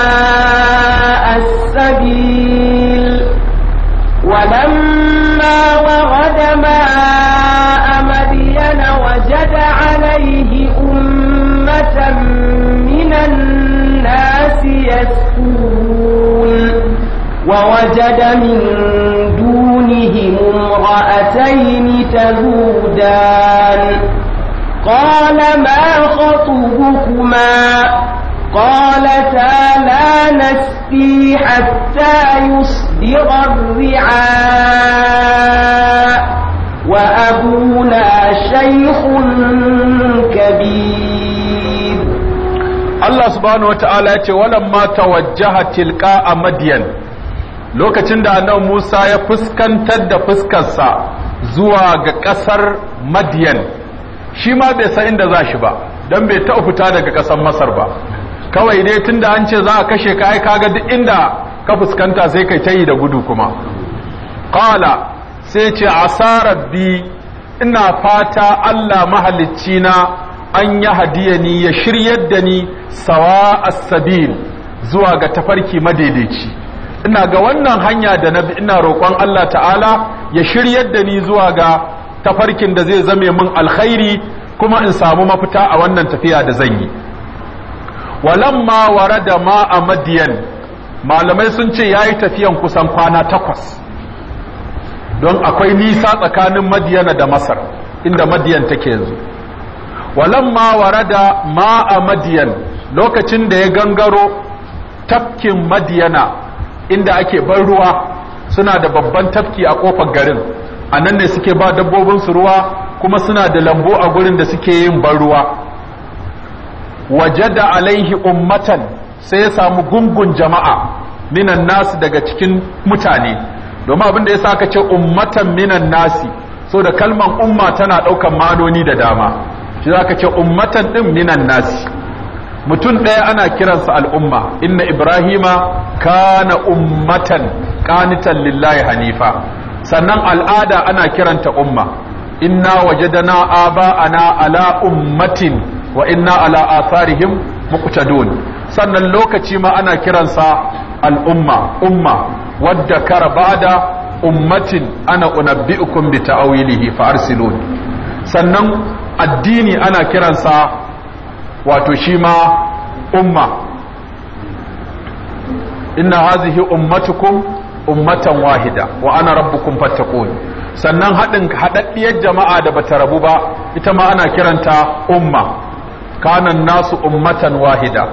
a sabi walamma ووجد من دونهم امرأتين تذودان قال ما خطبكما قالتا لا نسقي حتى يصدر الرعاء وأبونا شيخ كبير الله سبحانه وتعالى ولما توجه تلقاء مدين lokacin da annabi Musa ya fuskantar da fuskarsa zuwa ga ƙasar Madiyan shi ma bai san inda za shi ba don bai taɓa fita daga ƙasar Masar ba kawai dai tunda an ce za a kashe ka ai kaga duk inda ka fuskanta sai kai tayi da gudu kuma qala sai ce asarat rabbi ina fata Allah mahalicci na an ya hadiyani ya shiryar da ni sawa as-sabil zuwa ga tafarki madaidaici ina ga wannan hanya da na bi ina roƙon Allah ta'ala ya shiryar da ni zuwa ga tafarkin da zai zame min alkhairi kuma in samu mafita a wannan tafiya da zan yi walamma warada ma a madiyan malamai sun ce ya yi tafiyan kusan kwana takwas don akwai nisa tsakanin madiyana da masar inda madiyan take yanzu walamma warada ma a madiyan lokacin da ya gangaro tafkin madiyana inda ake ban ruwa suna da babban tafki a kofar garin a nan ne suke ba dabbobin su ruwa kuma suna da lambu a gurin da suke yin ban ruwa Waje da alaihi ummatan sai ya samu gungun jama'a minan nasi daga cikin mutane domin abinda da ya sa ce ummatan minan nasi so da kalman umma tana ɗaukan manoni da dama shi za ka ce ummatan ɗin minan nasi mutum ɗaya ana kiransa al'umma inna ibrahima kana ummatan ƙanitan lillahi hanifa sannan al'ada ana kiranta umma inna wajadana aba'ana ala ummatin wa inna ala atharihim muqtadun sannan lokaci ma ana kiransa al'umma umma wadda kara ba'da ummatin ana unabbi'ukum bi ta'awilihi fa arsilun sannan addini ana kiransa wato shi ma umma inna hazihi ummatukum ummatan wahida wa ana rabbukum fattaqun sannan haɗin haɗaɗɗiyar jama'a da bata rabu ba ita ma ana kiranta umma kana nasu ummatan wahida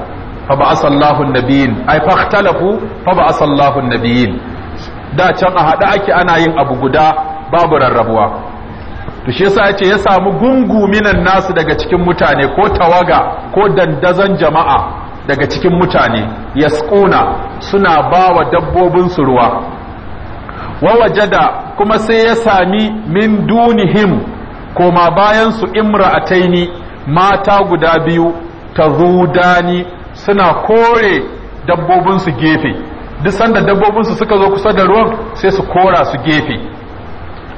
fa ba'asa Allahu an-nabiyyin ay fa ba'asa Allahu an-nabiyyin da can a haɗa ake ana yin abu guda babu rarrabuwa to shi yasa yace ya samu gungu nasu daga cikin mutane ko tawaga ko dandazan jama'a daga cikin mutane yasquna suna bawa dabbobin su ruwa wa wajada kuma sai ya sami min dunihim koma bayan su imra'ataini mata guda biyu tazudani suna kore dabbobin su gefe duk sanda dabbobin su suka zo kusa da ruwan sai su kora su gefe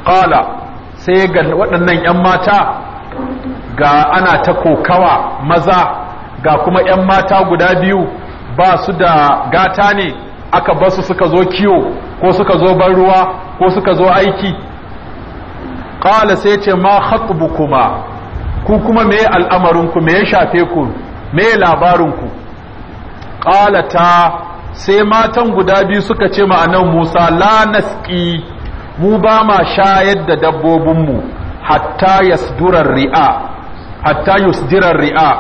qala sai ga waɗannan 'yan mata ga ana ta kokawa maza ga kuma 'yan mata guda biyu ba su da gata ne aka basu suka zo kiwo ko suka zo ban ruwa ko suka zo aiki ƙala sai ce ma haƙubu kuma ku kuma me al'amarinku me ya shafe ku me labarinku ƙala ta sai matan guda biyu suka ce ma'anan musa la naski mu ba ma shayar da dabbobinmu hatta yasdurar ri'a hatta yusdirar ri'a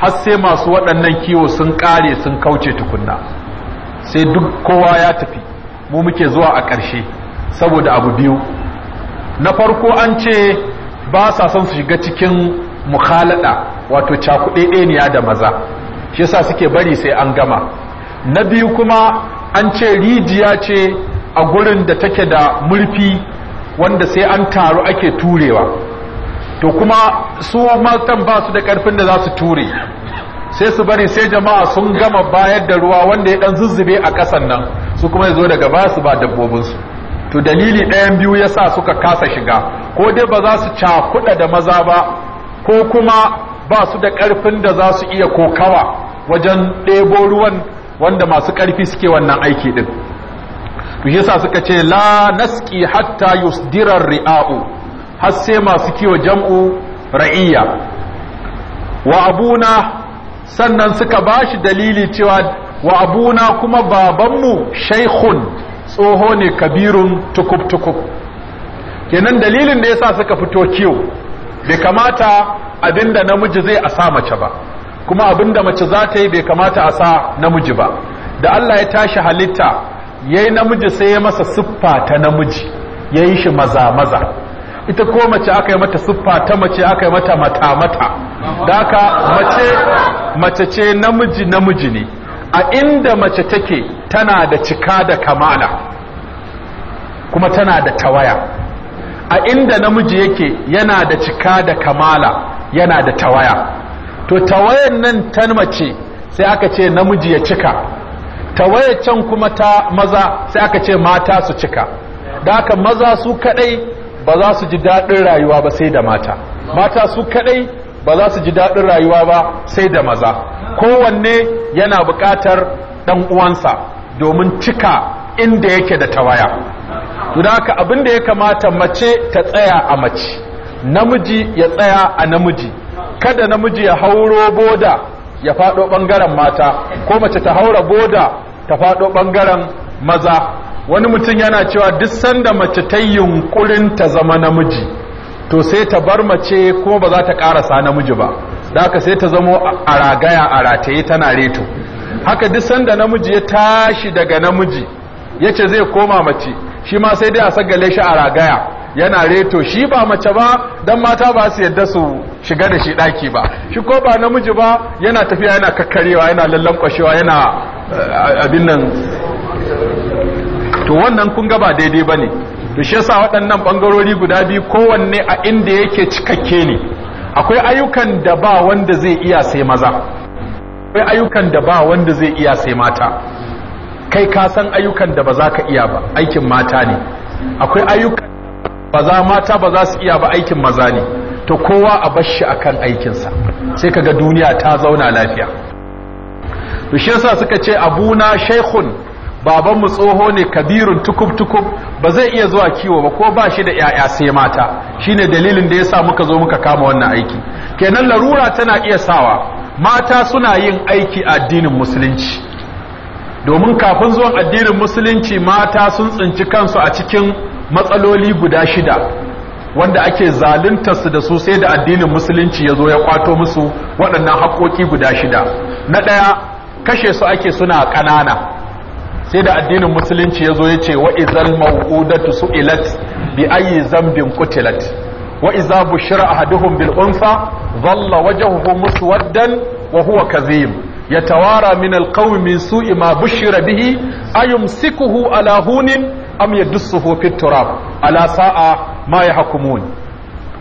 har sai masu waɗannan kiwo sun ƙare sun kauce tukunna sai duk kowa ya tafi mu muke zuwa a ƙarshe saboda abu biyu na farko an ce ba sa son su shiga cikin mukhalada wato cakuɗeɗeniya da maza shi yasa suke bari sai an gama na biyu kuma an ce rijiya ce a gurin da take da murfi wanda sai an taru ake turewa to kuma su matan ba su da karfin da za su ture sai su bari sai jama'a sun gama bayar da ruwa wanda ya dan zuzzube a ƙasan nan su kuma ya zo daga baya su ba dabbobinsu to dalili ɗayan biyu ya sa suka kasa shiga ko dai ba za su cakuɗa da maza ba ko kuma ba su da ƙarfin da za su iya kokawa wajen ɗebo ruwan wanda masu ƙarfi suke wannan aiki ɗin to yasa suka ce la naski hatta yusdira ri'a'u har sai masu kiwo jam'u ra'iyya. wa abuna sannan suka ba shi dalili cewa wa abuna kuma babanmu shaikhun tsoho ne kabirun tukub tukub kenan dalilin da yasa suka fito kiwo bai kamata abinda namiji zai a sa mace ba kuma abinda mace za ta yi bai kamata a sa namiji ba da Allah ya tashi halitta yayi namiji sai ya masa siffa ta namiji ya yi shi maza maza ita ko mace aka yi mata siffa ta mace aka yi mata mata mata da aka mace mace ce namiji namiji ne a inda mace take tana da cika da kamala kuma tana da tawaya a inda namiji yake yana da cika da kamala yana da tawaya to tawayan nan ta mace sai aka ce namiji ya cika ta tawaye can kuma ta maza sai aka ce mata su cika da aka maza su kadai ba za su ji daɗin rayuwa ba sai da mata mata su kadai ba za su ji daɗin rayuwa ba sai da maza kowanne yana buƙatar ɗan uwansa domin cika inda yake da tawaya don haka abin da ya kamata mace ta tsaya a mace namiji ya tsaya a namiji kada namiji ya hauro boda ya faɗo ɓangaren mata ko mace ta haura boda ta faɗo ɓangaren maza wani mutum yana cewa duk sanda mace ta yunkurin ta zama namiji to sai ta bar mace kuma ba za ta ƙarasa namiji ba da haka sai ta zamo a ragaya a rataye tana reto haka duk sanda namiji ya tashi daga namiji yace zai koma mace shi ma sai dai a sagale shi a ragaya yana reto shi ba mace ba dan mata ba su yadda su shiga da shi daki ba shi ko ba namiji ba yana tafiya yana kakkarewa yana lallankwashewa yana eh, abin nan to wannan kun ga ba daidai bane to shi yasa waɗannan bangarori guda biyu kowanne a inda yake cikakke ne akwai ayyukan da ba wanda zai iya sai maza akwai ayyukan da ba wanda zai iya sai mata kai ka san ayyukan da ba za ka iya ba aikin mata ne akwai ayyukan ba za mata ba za su iya ba aikin maza ne to kowa a bar akan aikinsa sai kaga duniya ta zauna lafiya to shi yasa suka ce abuna shaykhun baban mu tsoho ne kabirun tukub tukub ba zai iya zuwa kiwo ba ko ba shi da yaya sai mata shine dalilin da yasa muka zo muka kama wannan aiki kenan larura tana iya sawa mata suna yin aiki a addinin musulunci domin kafin zuwan addinin musulunci mata sun tsinci kansu a cikin matsaloli guda shida wanda ake zaluntarsu da su sai da addinin musulunci ya zo ya kwato musu waɗannan haƙoƙi guda shida na ɗaya kashe su ake suna ƙanana sai da addinin musulunci ya zo ya ce wa'izal mawudatu ilat bi ayi zambin kutilat wa'iza bushira ahaduhum bil unsa zalla wajhuhu muswaddan wa huwa kazim yatawara min al su'i ma bushira bihi ayumsikuhu alahunin am ya yadussuhu fit turab ala sa'a ma ya yahkumun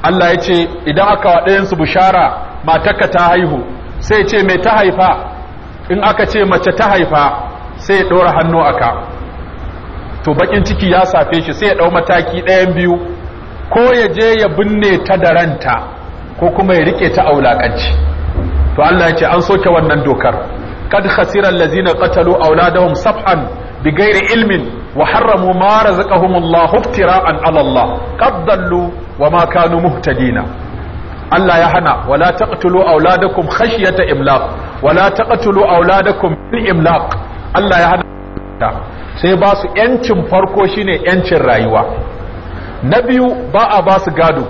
Allah ya ce idan aka wa ɗayan bushara matarka ta haihu sai ce mai ta haifa in aka ce mace ta haifa sai ya ɗora hannu aka to bakin ciki ya safe shi sai ya ɗau mataki ɗayan biyu ko ya je ya binne ta da ranta ko kuma ya rike ta aulakanci. to Allah ya ce an soke wannan dokar kad khasira allazina qatalu auladahum sab'an bighairi ilmin wa harramu ma razaqahumullahu iftira'an 'ala Allah qad dallu wa ma kanu muhtadina Allah ya hana wala taqtulu auladakum khashyata imlaq wala taqtulu auladakum bil imlaq Allah ya hana sai ba su yancin farko shine yancin rayuwa na biyu ba a ba gado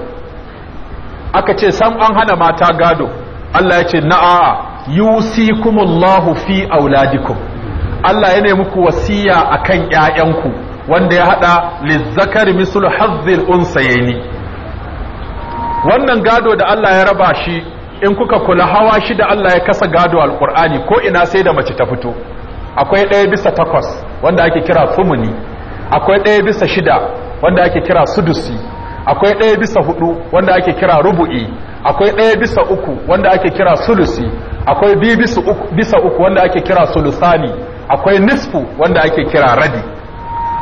aka ce sam an hana mata gado Allah ya ce na'a yusikumullahu fi auladikum Allah ya ne muku wasiya kan 'ya'yanku wanda ya haɗa lizzakari misul hazzil unsayni wannan gado da Allah ya raba shi in kuka kula hawa shi da Allah ya kasa gado al’ur'ani ko ina sai da mace ta fito akwai ɗaya bisa takwas wanda ake kira sumuni akwai ɗaya bisa shida wanda ake kira sudusi akwai ɗaya bisa hudu wanda ake kira rubu'i akwai ɗaya bisa uku wanda ake kira sulusi akwai bisa uku wanda ake kira sulusani akwai nisfu wanda ake kira rabi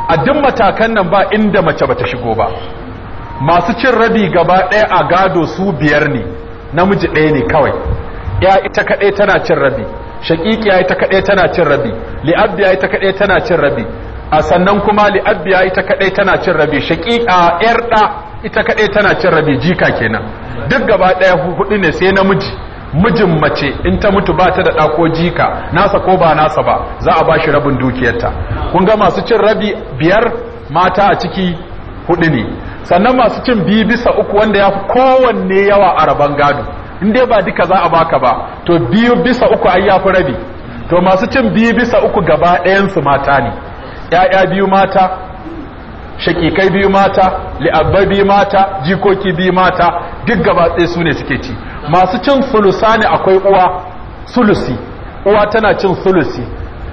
a duk matakan nan ba inda mace bata shigo ba masu cin rabi gaba ɗaya a gado su biyar ne namiji ɗaya ne kawai ya ita kaɗe tana cin rabi shaƙiƙi ya ita kaɗe tana cin rabi li'abbi ya ita kaɗe tana cin rabi a sannan kuma li'abbi ya ita kaɗe tana cin rabi shaƙiƙa ƴar ɗa ita kaɗe tana cin rabi jika kenan duk gaba ɗaya hudu ne sai namiji mijin mace in ta mutu ba ta da ɗa ko jika nasa ko ba nasa ba za a bashi rabin dukiyarta kun ga masu cin rabi biyar mata a ciki hudu ne sannan masu cin biyu bisa uku wanda ya fi kowanne yawa a rabon gado in dai ba duka za a baka ba to biyu bisa uku ai ya fi rabi to masu cin biyu bisa uku gaba ɗayansu mata ne ‘ya'ya biyu mata shakikai biyu mata li'abbai biyu mata jikoki biyu mata duk gaba tsaye su ne suke ci masu cin sulusa ne akwai uwa sulusi uwa tana cin sulusi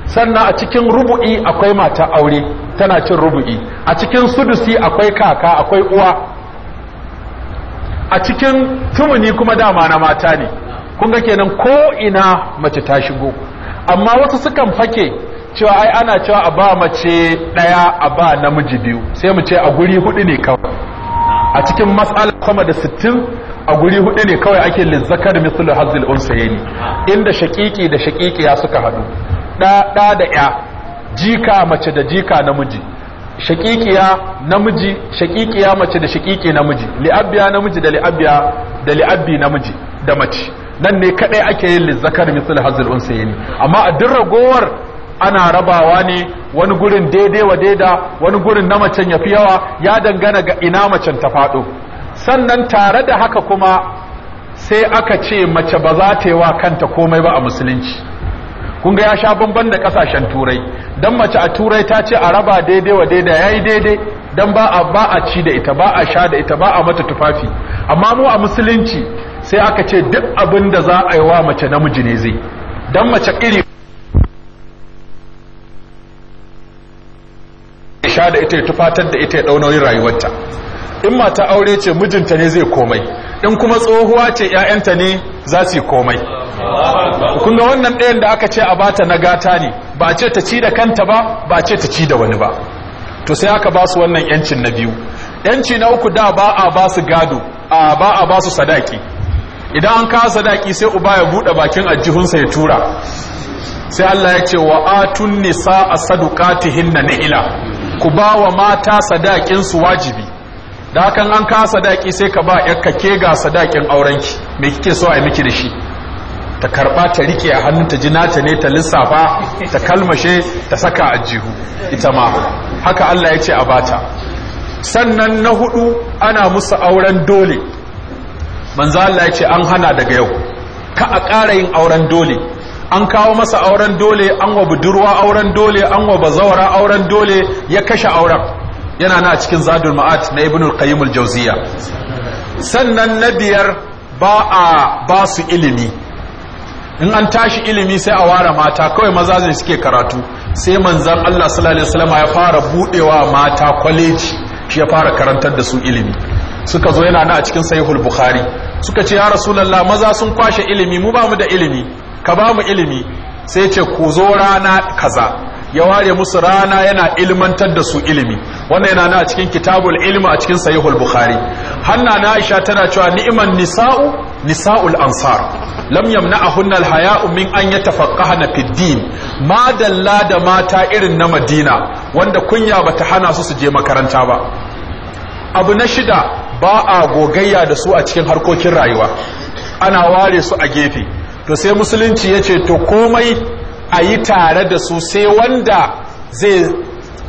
sannan a cikin rubu'i akwai mata aure tana cin rubu'i a cikin sudusi akwai kaka akwai uwa a cikin tumuni kuma dama na mata ne kun ga kenan ko ina mace ta shigo amma wasu sukan fake cewa ai ana cewa a ba mace ɗaya a ba namiji biyu sai mu ce a guri hudu ne kawai a cikin matsala sama da sittin a guri hudu ne kawai ake lizzakar mithlu hazil unsayni inda shaƙiƙi da shaƙiƙiya suka haɗu ɗa da ya jika mace da jika namiji shakikiya namiji shakikiya mace da shakiki namiji li'abbiya namiji da li'abbiya da li'abbi namiji da mace nan ne kadai ake yin lizzakar misal hazil unsayni amma a duk ana rabawa ne wani gurin daidai wa daida wani gurin na macen ya fi yawa ya dangana ga ina macen ta faɗo sannan tare da haka kuma sai aka ce mace ba za ta yi wa kanta komai ba a musulunci kun ga ya sha bamban da kasashen turai don mace a turai ta ce a raba daidai wa daida yi daidai don ba a ba a ci da ita ba a sha da ita ba a mata tufafi amma mu a musulunci sai aka ce duk abin da za a yi wa mace namiji ne zai don mace iri sha da ita ya tufatar da ita ya ɗau rayuwarta in mata aure ce mijinta ne zai komai in kuma tsohuwa ce 'ya'yanta ne za su yi komai kunga wannan ɗayan da aka ce a bata na gata ne ba ce ta ci da kanta ba ba ce ta ci da wani ba to sai aka ba su wannan yancin na biyu yanci na uku da ba a ba su gado a ba a ba su sadaki idan an kawo sadaki sai uba ya buɗe bakin ajihunsa ya tura sai Allah ya ce wa atun nisa a sadukatihin na ni'ila ku ba wa mata su wajibi da hakan an ka sadaki sai ka ba yakka ke ga sadakin aurenki me kike so a miki da shi ta karba ta rike a hannun ta jina ta ne ta lissafa ta kalmashe ta saka a jihu ita ma haka Allah ya ce a bata sannan na hudu ana musu auren dole manzo Allah ya ce an hana daga yau ka a ƙara yin auren dole an kawo masa auren dole an wa budurwa auren dole an wa bazawara auren dole ya kashe auren yana na cikin zadul ma'at na ibn al jawziya sannan na biyar ba a ba su ilimi in an tashi ilimi sai a ware mata kawai maza ne suke karatu sai manzan Allah sallallahu alaihi wasallam ya fara budewa mata kwaleji shi ya fara karantar da su ilimi suka zo yana na cikin sahihul bukhari suka ce ya rasulullah maza sun kwashe ilimi mu ba mu da ilimi ka ba mu ilimi sai ce ku zo rana kaza ya ware musu rana yana ilmantar da su ilimi wannan yana na cikin kitabul ilmi a cikin sahihul bukhari hanna na aisha tana cewa ni'man nisa'u nisa'ul ansar lam yamna'ahunna alhaya'u min an yatafaqqahna fid din ma dalla da mata irin na madina wanda kunya bata hana su su je makaranta ba abu na shida ba a gogayya da su a cikin harkokin rayuwa ana ware su a gefe to sai musulunci ya ce to komai a yi tare da su sai wanda zai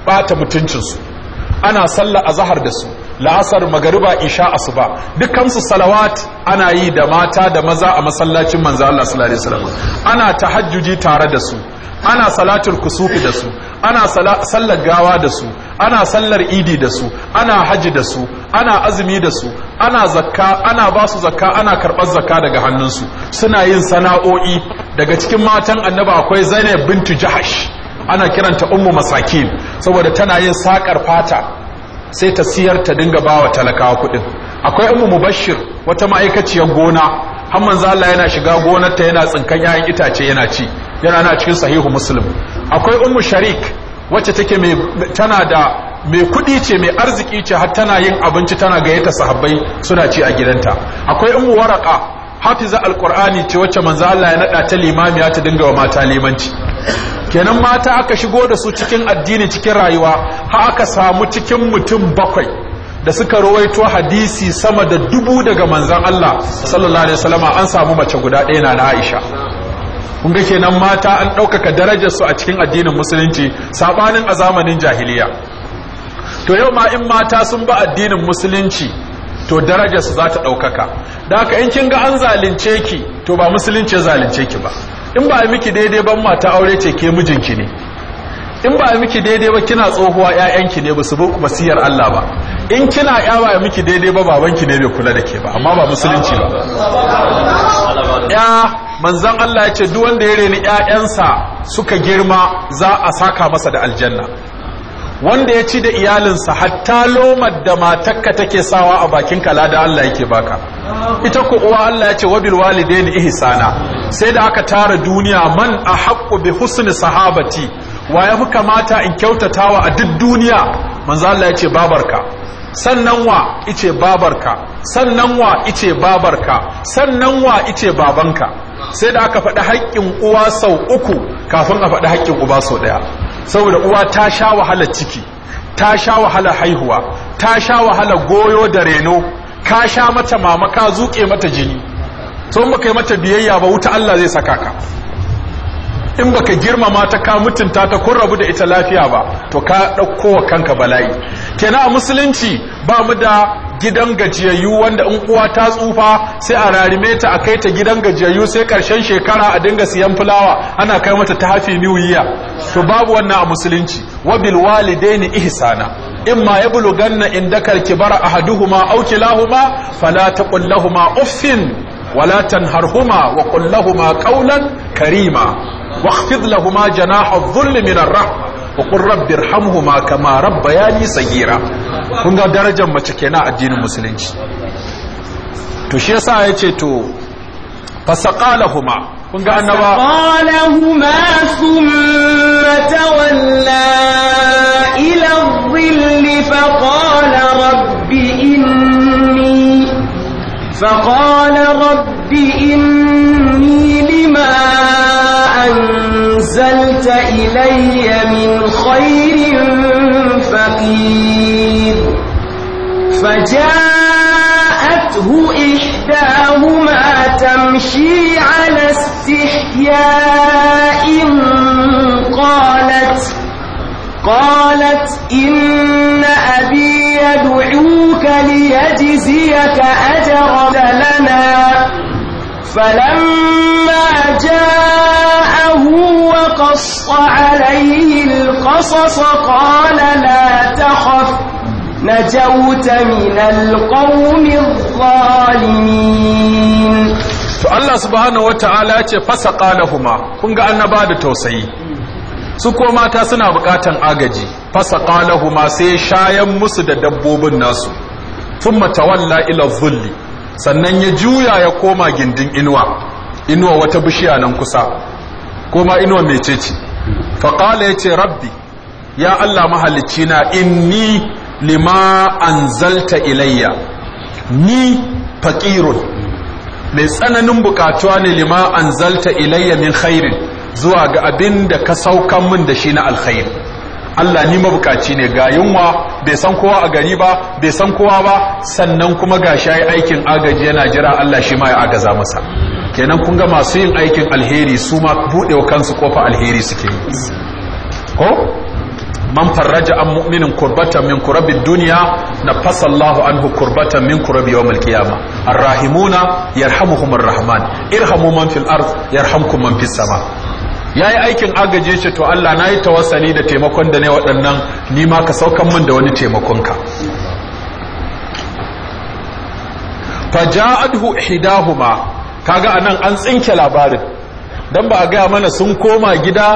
bata mutuncinsu ana sallah a zahar da su la'asar magariba isha asuba dukansu salawat ana yi da mata da maza a masallacin manzo Allah sallallahu alaihi wasallam ana tahajjuji tare da su ana salatul kusufi da su ana sallar gawa da su ana sallar idi da su ana haji da su ana azumi da su ana zakka ana ba su zakka ana karɓar zakka daga hannunsu suna yin sana'o'i daga cikin matan annaba akwai zainab bintu jahash ana kiranta ummu masakin saboda tana yin sakar fata sai ta siyar ta dinga bawa talakawa kuɗin akwai ummu mubashir wata ma'aikaciyar gona har manzo Allah yana shiga gonar ta yana tsinkan 'ya'yan itace yana ci yana na cikin sahihu muslim akwai ummu sharik wacce take mai tana da mai kuɗi ce mai arziki ce har tana yin abinci tana gayyata sahabbai suna ci a gidanta akwai ummu waraka hafiza alqur'ani ce wacce manzo Allah ya nada ta limamiya ta dinga wa mata limanci kenan mata aka shigo da su cikin addini cikin rayuwa ha aka samu cikin mutum bakwai da suka rawaito hadisi sama da dubu daga manzan Allah sallallahu alaihi wasallam an samu mace guda ɗaya na Aisha kun ga kenan mata an ɗaukaka darajar su a cikin addinin musulunci sabanin a zamanin jahiliya to yau ma in mata sun ba addinin musulunci to darajar su za ta ɗaukaka da haka in kin ga an zalunce ki to ba musulunci ya zalunce ki ba in ba a miki daidai ban mata aure ce ke mijinki ne in ba a miki daidai ba kina tsohuwa ƴaƴanki ne basu masiyar Allah ba in kina ƴa ba miki daidai ba babanki ne bai kula da ke ba amma ba musulunci ba ƴa manzon Allah ya ce duk wanda ya reni 'ya'yansa suka girma za a saka masa da aljanna wanda ya ci da iyalinsa hatta lomar da matakka take sawa a bakin kala da Allah yake baka ita ko uwa Allah ya ce wabil walidaini ihsana sai da aka tara duniya man a bi husni sahabati wa yafi kamata in kyautatawa a duk duniya manzo Allah ya ce babarka sannan wa ice babarka sannan wa ice babarka sannan wa ice babanka sai da aka faɗi haƙƙin uwa sau uku kafin a faɗi haƙƙin uba sau ɗaya saboda uwa ta sha wahalar ciki ta sha wahalar haihuwa ta sha wahalar goyo da reno ka sha mata mama ka zuke mata jini to in baka yi mata biyayya ba wuta Allah zai saka ka in baka girmama ta ka mutunta ta kun rabu da ita lafiya ba to ka ɗauko wa kanka bala'i kenan a musulunci ba mu da gidan gajiyayyu wanda in uwa ta tsufa sai a rarime ta a kai ta gidan gajiyayyu sai karshen shekara a dinga siyan fulawa ana kai mata ta hafi new year to babu wannan a musulunci wa bil walidaini ihsana imma yablughanna indaka al-kibara ahaduhuma aw kilahuma fala taqul lahumu uffin wala tanharhuma wa qul lahumu qawlan karima واخفض لهما جناح الظل من الرحمه wa qur rabbir hamhuma kama rabbayani sagira kun ga darajar mace kenan addinin musulunci to shi yasa yace to huma. kun ga annaba sun mata walla ila dhilli faqala rabbi inni faqala rabbi inni lima أنت إلي من خير فقير فجاءته إحداهما تمشي على استحياء قالت قالت إن أبي يدعوك ليجزيك أجر لنا فلما جاء كذبه وقص عليه القصص قال لا تخف to Allah subhanahu wataala ya ce fasaka huma kun ga annaba da tausayi su ko mata suna buƙatan agaji fasa ƙalahuma sai shayan musu da dabbobin nasu thumma tawalla ila dhulli sannan ya juya ya koma gindin inuwa inuwa wata bishiya nan kusa ko ma inuwa mecece faƙala ya ce rabbi ya Allah mahalicci na in ni lima zalta ilayya ni faƙirun mai tsananin buƙatuwa ne lima anzalta ilayya min khairin zuwa ga abin da ka saukan min da shi na alkhairi Allah ni mabukaci ne ga yunwa bai san kowa a gari ba bai san kowa ba sannan kuma ga shayi aikin agaji yana jira Allah shi ma ya agaza masa kenan kun ga masu yin aikin alheri su ma buɗewa kansu kofa alheri suke ko man farraja an mu'minin kurbatan min kurabi duniya na fasallahu hu kurbatan min kurabi yawmal qiyama arrahimuna yarhamuhum arrahman irhamu man fil ard yarhamkum man fis sama yayi aikin agaje ce to Allah nayi tawassali da taimakon da ne waɗannan ni ma ka saukan min da wani taimakon ka ja'adhu ihdahuma kaga anan an tsinke labarin don ba a gaya mana sun koma gida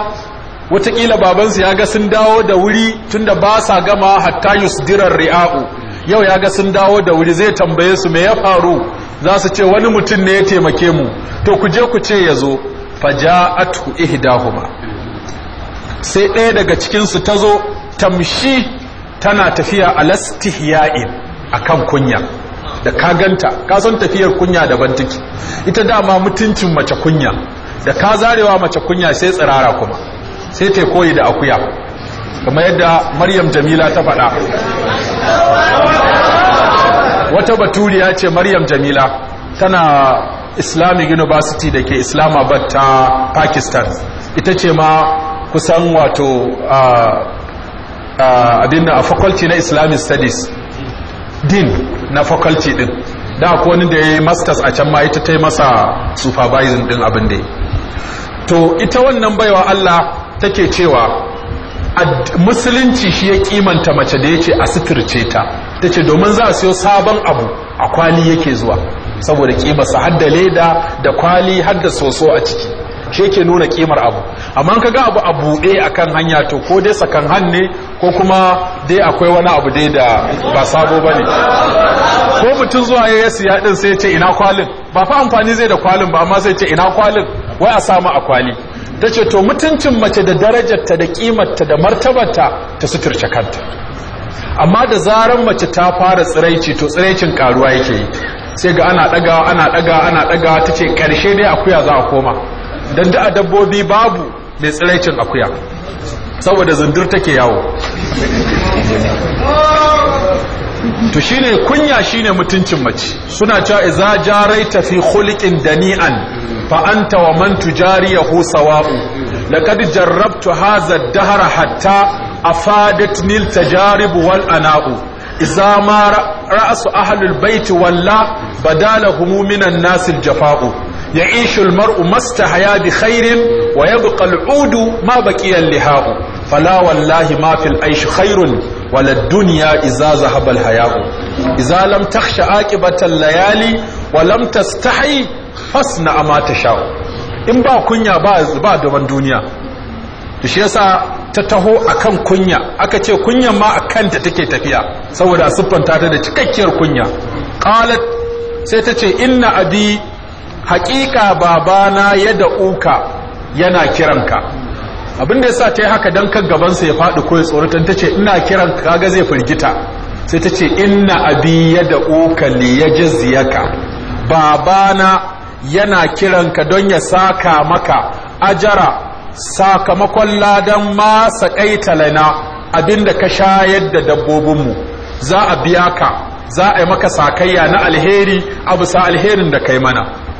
watakila babansu ya ga sun dawo da wuri tunda ba sa gama hatta yusdirar ri'a'u yau ya ga sun dawo da wuri zai tambaye su me ya faru za su ce wani mutum ne ya taimake mu to ku je ku ce ya zo faja'atu ihdahuma sai ɗaya daga cikin su tazo tamshi tana tafiya a kan kunya da ka ganta ka san tafiyar kunya daban take ita dama mutuncin mace kunya da ka zarewa mace kunya sai tsirara kuma sai ta koyi da akuya kamar yadda maryam jamila ta faɗa wata baturiya ce maryam jamila tana islamic university da ke islamabad ta pakistan ita ce ma kusan wato uh, a faculty na islamic studies din na faculty din da ko wani da yayi masters a can ma ita tai masa supervising din abin da to ita wannan baiwa Allah take cewa musulunci shi ya kimanta mace da yace a suturce ta tace domin za a siyo sabon abu a kwali yake zuwa saboda kimarsa har da leda da kwali hadda soso a ciki shi ke nuna kimar abu amma ka ga abu a buɗe a kan hanya to ko dai sakan hannu ko kuma dai akwai wani abu dai da ba sabo ba ne ko mutum zuwa ya ya ɗin sai ce ina kwalin ba fa amfani zai da kwalin ba amma sai ce ina kwalin wai a samu a kwali ta ce to mutuncin mace da darajarta da kimarta da martabarta ta suturce kanta amma da zaran mace ta fara tsiraici to tsiraicin karuwa yake yi sai ga ana ɗaga ana ɗaga ana ɗaga ta ce ƙarshe dai akuya za a koma don da dabbobi babu mai tsiraicin akuya saboda zundur take yawo to shine kunya shine mutuncin mace suna cewa iza jaraita fi khuliqin dani'an fa anta wa man tujariyahu sawa'u laqad jarrabtu hadha ad-dahra hatta afadat nil tajarib wal ana'u iza ma ra’asu ahlul baiti walla badalahum humuminan nasir jafau ya ishul mar'u mastahaya bi khairin wa yabqa al'udu ma baqiya liha'u fala wallahi ma fil aish khairun wala dunya iza zahaba al haya'u iza lam takhsha aqibata al layali wa lam tastahi fasna ma in ba kunya ba ba daban duniya to shi yasa ta taho akan kunya aka ce kunyan ma a kanta take tafiya saboda siffanta ta da cikakkiyar kunya qalat sai ta ce inna abi haƙiƙa babana ya da'uka yana kiranka abinda da ya sa ta yi haka don kan gabansa ya faɗi ko ya tsoratan ta ce ina kiran kaga zai firgita sai ta ce ina abi ya da'uka li ya ka. babana yana kiranka don ya saka maka ajara sakamakon ladan ma saƙaita talana abinda ka shayar da dabbobinmu za a biya ka za a yi maka sakayya na alheri abu sa alherin da kai mana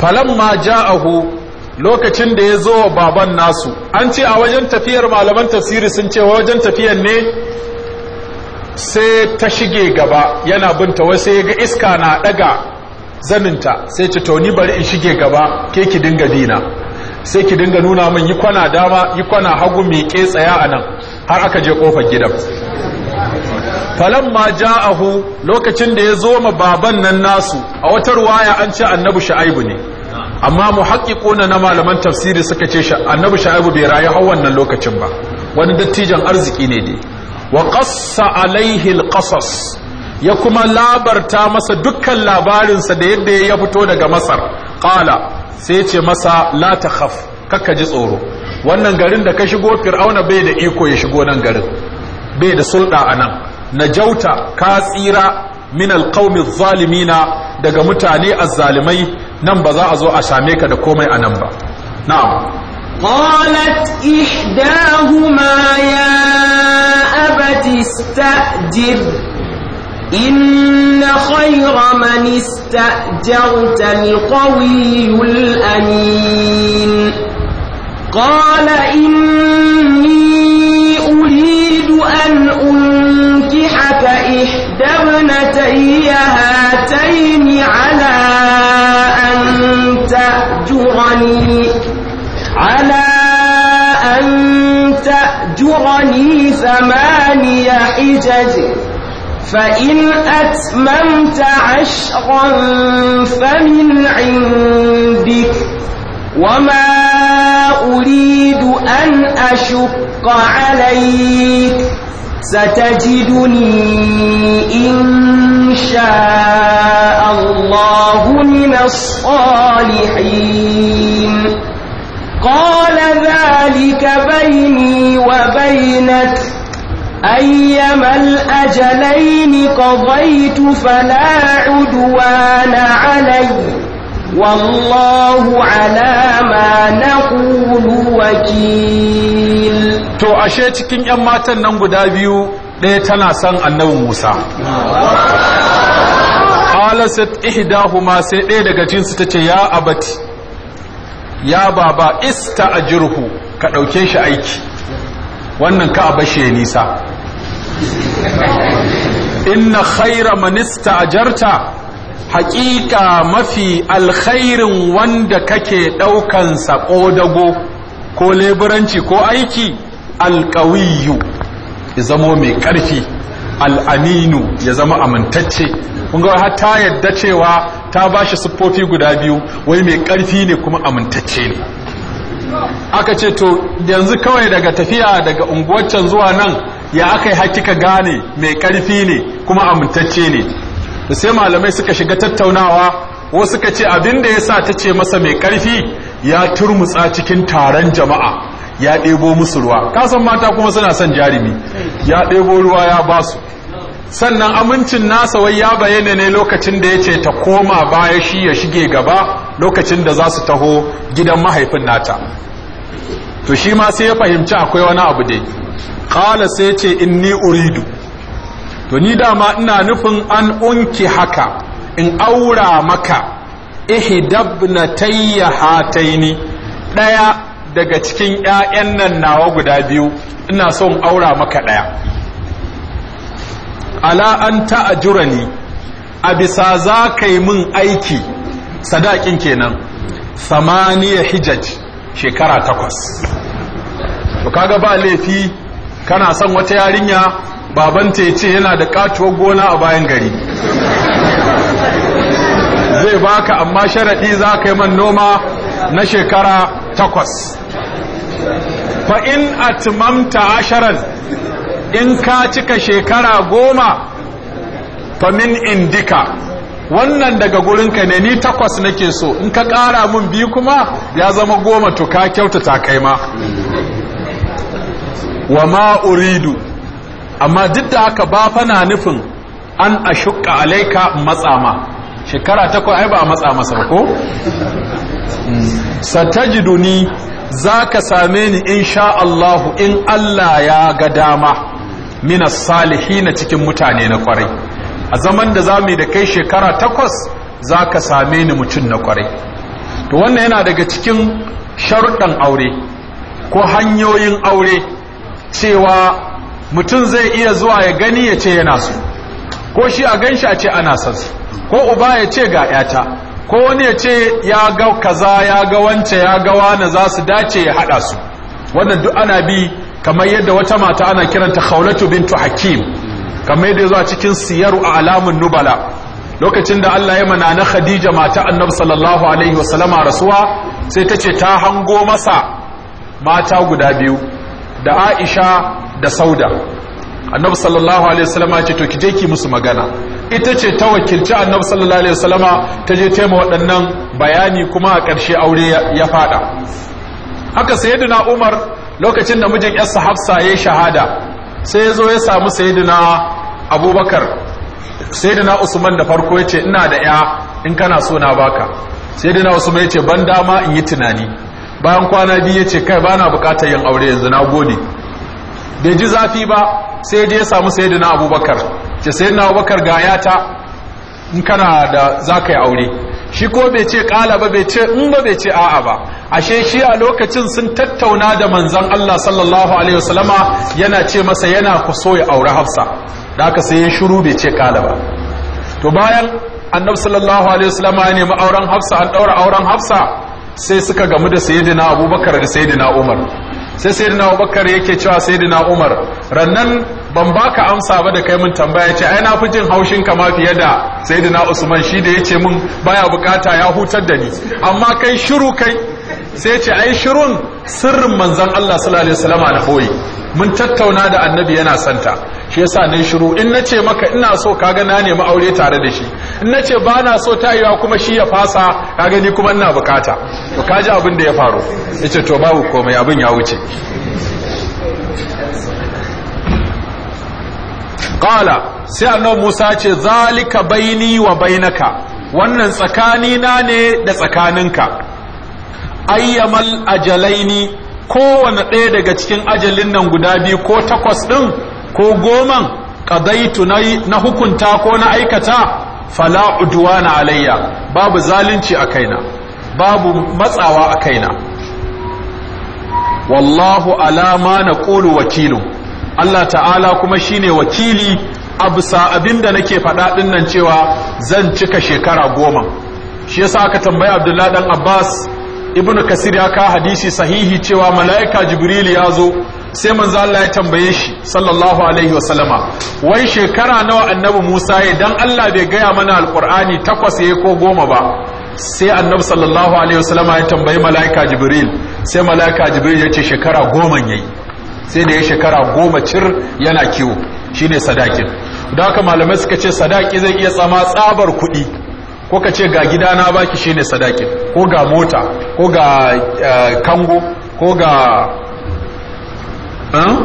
falamma ja'ahu lokacin da ya zo wa baban nasu an ce a wajen tafiyar malaman tafsiri sun ce wajen tafiyar ne sai ta shige gaba yana binta wai sai ga iska na daga zaninta sai ta tauni bari in shige gaba ke ki dinga dina sai ki dinga nuna min yi kwana dama yi kwana hagu mai ke tsaya a nan har aka je kofar gidan falamma ja'ahu lokacin da ya zo ma baban nan nasu a wata ruwaya an ce annabi sha'ibu ne amma muhaqqiquna na malaman tafsiri suka ce shi annabi sha'ibu bai rayu har wannan lokacin ba wani dattijan arziki ne dai wa qassa alaihi alqasas ya kuma labarta masa dukkan labarinsa da yadda ya fito daga masar qala sai ce masa la takhaf kakka ji tsoro wannan garin da ka shigo fir'auna bai da iko ya shigo nan garin bai da sulɗa a nan jauta ka tsira min alqaumi zalimina daga mutane azzalimai nan ba za a zo a same ka da komai a nan ba na'am قالت إحداهما يا أبت استأجر إن خير من استأجرت القوي الأمين قال إني ابنتي هاتين على أن تأجرني على أن تأجرني ثماني حجج فإن أتممت عشرا فمن عندك وما أريد أن أشق عليك ستجدني إن شاء الله من الصالحين قال ذلك بيني وبينك أيما الأجلين قضيت فلا عدوان عليّ والله على ما نقول وكيل to ashe cikin yan matan nan guda biyu ɗaya tana son annabi Musa qalasat ihdahuma sai ɗaya daga cikin su tace ya abati ya baba ista'ajirhu ka ɗauke shi aiki wannan ka abashe nisa [LAUGHS] inna khaira man jarta. haƙiƙa mafi alkhairin wanda kake ɗaukansa ƙodago ko leburanci ko aiki alƙawiyu ya zamo mai ƙarfi al'aminu ya zama amintacce ga har ta yadda cewa ta ba shi siffofi guda biyu wai mai ƙarfi ne kuma amintacce ne aka ce to yanzu kawai daga tafiya daga unguwaccen zuwa nan ya aka yi hakika gane mai ƙarfi ne kuma amintacce ne to sai malamai suka shiga tattaunawa ko suka ce abin da ya sa ta ce masa mai karfi ya turmutsa cikin taron jama'a ya ɗebo musu ruwa kasan mata kuma suna son jarumi ya ɗebo ruwa ya ba su sannan amincin nasa wai ya bayyana ne lokacin da ya ce ta koma baya shi ya shige gaba lokacin da za su taho gidan mahaifin nata to shi ma sai ya fahimci akwai wani abu dai ƙala sai ce inni uridu to ni dama ina nufin an unki haka in aura maka ihdabna tayya hataini daya daga cikin ƴaƴan nan nawa guda biyu ina so in aura maka daya ala an ta'jurani a bisa za ka yi min aiki sadakin kenan samaniya hijaj shekara takwas to kaga ba laifi kana son wata yarinya babanta ya ce yana da katuwar gona a bayan gari zai baka amma sharaɗi za ka yi man noma na shekara takwas fa'in tumamta asharan in ka cika shekara goma famin indika wannan daga gurinka ne ni takwas nake so in ka ƙara mun biyu kuma ya zama goma to ka kyautata kai ma wa ma uridu amma duk da haka ba fana nufin an ashukka alaika matsama shekara takwai ai ba a matsa masa ko satajiduni zaka same ni insha Allah in Allah ya ga dama salihi na cikin mutane na kwarai a zaman da zamu da kai shekara takwas zaka same ni mutum na kwarai to wannan yana daga cikin sharuɗan aure ko hanyoyin aure cewa mutum zai iya zuwa ya gani ya ce yana su. ko shi a ganshi a ce ana son ko uba ya ce ga yata ko wani ya ce ya ga kaza ya ga wance ya ga wani za su dace ya haɗa su wannan duk ana bi kamar yadda wata mata ana kiranta Khaulatu bintu hakim kamar yadda zuwa cikin siyaru a alamun nubala lokacin da Allah ya mana na khadija mata annabi sallallahu alaihi wasallama rasuwa sai ta ce ta hango masa mata guda biyu da aisha da sauda annabi sallallahu alaihi wasallama ce to kije ki musu magana ita ce ta wakilci annabi sallallahu alaihi wasallama ta je tema waɗannan bayani kuma a ƙarshe aure ya fada haka sayyidina umar lokacin da mijin yarsa hafsa ya shahada sai ya zo ya samu sayyidina abubakar sayyidina usman da farko ya ce ina da ya in kana so na baka sayyidina usman ya ce ban dama in yi tunani bayan kwana biyu ya ce kai bana bukatar yin aure yanzu na gode da ji zafi ba sai ya samu sayyidina abubakar ce sayyidina abubakar ga ta in kana da za ka yi aure shi ko bai ce kala ba bai ce in ba bai ce a'a ba ashe shi a lokacin sun tattauna da manzan Allah sallallahu alaihi wasallama yana ce masa yana ku so ya aure Hafsa da haka sai ya shiru bai ce kala ba to bayan annabi sallallahu alaihi wasallama ya nemi auren Hafsa an daura auren Hafsa sai suka gamu da sayyidina Abubakar da sayyidina Umar sai na bakar yake cewa na Umar rannan ban baka amsa ba da kai mun tambaya ya ce ai na fi jin haushin kama fiye da na Usman shi da ya ce mun baya bukata ya hutar da ni amma kai shiru kai sai ce ai shirun sirrin manzon Allah sallallahu alaihi wasallam na boye mun tattauna da annabi yana santa shi yasa nan shiru in nace maka ina so kaga na nemi aure tare da shi in nace ba na so ta yiwa kuma shi ya fasa kaga ni kuma ina bukata to kaji abin da ya faru yace to babu komai abin ya wuce qala sai annabi Musa ce zalika baini wa bainaka wannan tsakani na ne da tsakaninka ayyamal ajalaini kowane ɗaya daga cikin ajalin nan guda biyu ko takwas ɗin ko goman ƙadaitu na hukunta ko na aikata fala na alayya babu zalunci a kaina babu matsawa a kaina wallahu alama na ƙulu wakilu Allah ta'ala kuma shine wakili a bisa abinda nake faɗa ɗin nan cewa zan cika shekara goma shi yasa aka tambaya abdullahi dan abbas ibnu kasir ya ka hadisi sahihi cewa mala'ika jibril ya zo sai manzo Allah ya tambaye shi sallallahu alaihi wa sallama wai shekara nawa annabi Musa ya dan Allah bai gaya mana alqur'ani takwas yayi ko goma ba sai annabi sallallahu alaihi wa sallama ya tambayi mala'ika jibril sai mala'ika jibril ya ce shekara goma yayi sai da ya shekara goma cir yana kiwo shine sadakin don haka malamai suka ce sadaki zai iya tsama tsabar kuɗi ko ka ce ga gida na baki shine sadakin ko ga mota ko ga eh, kango ko ga eh?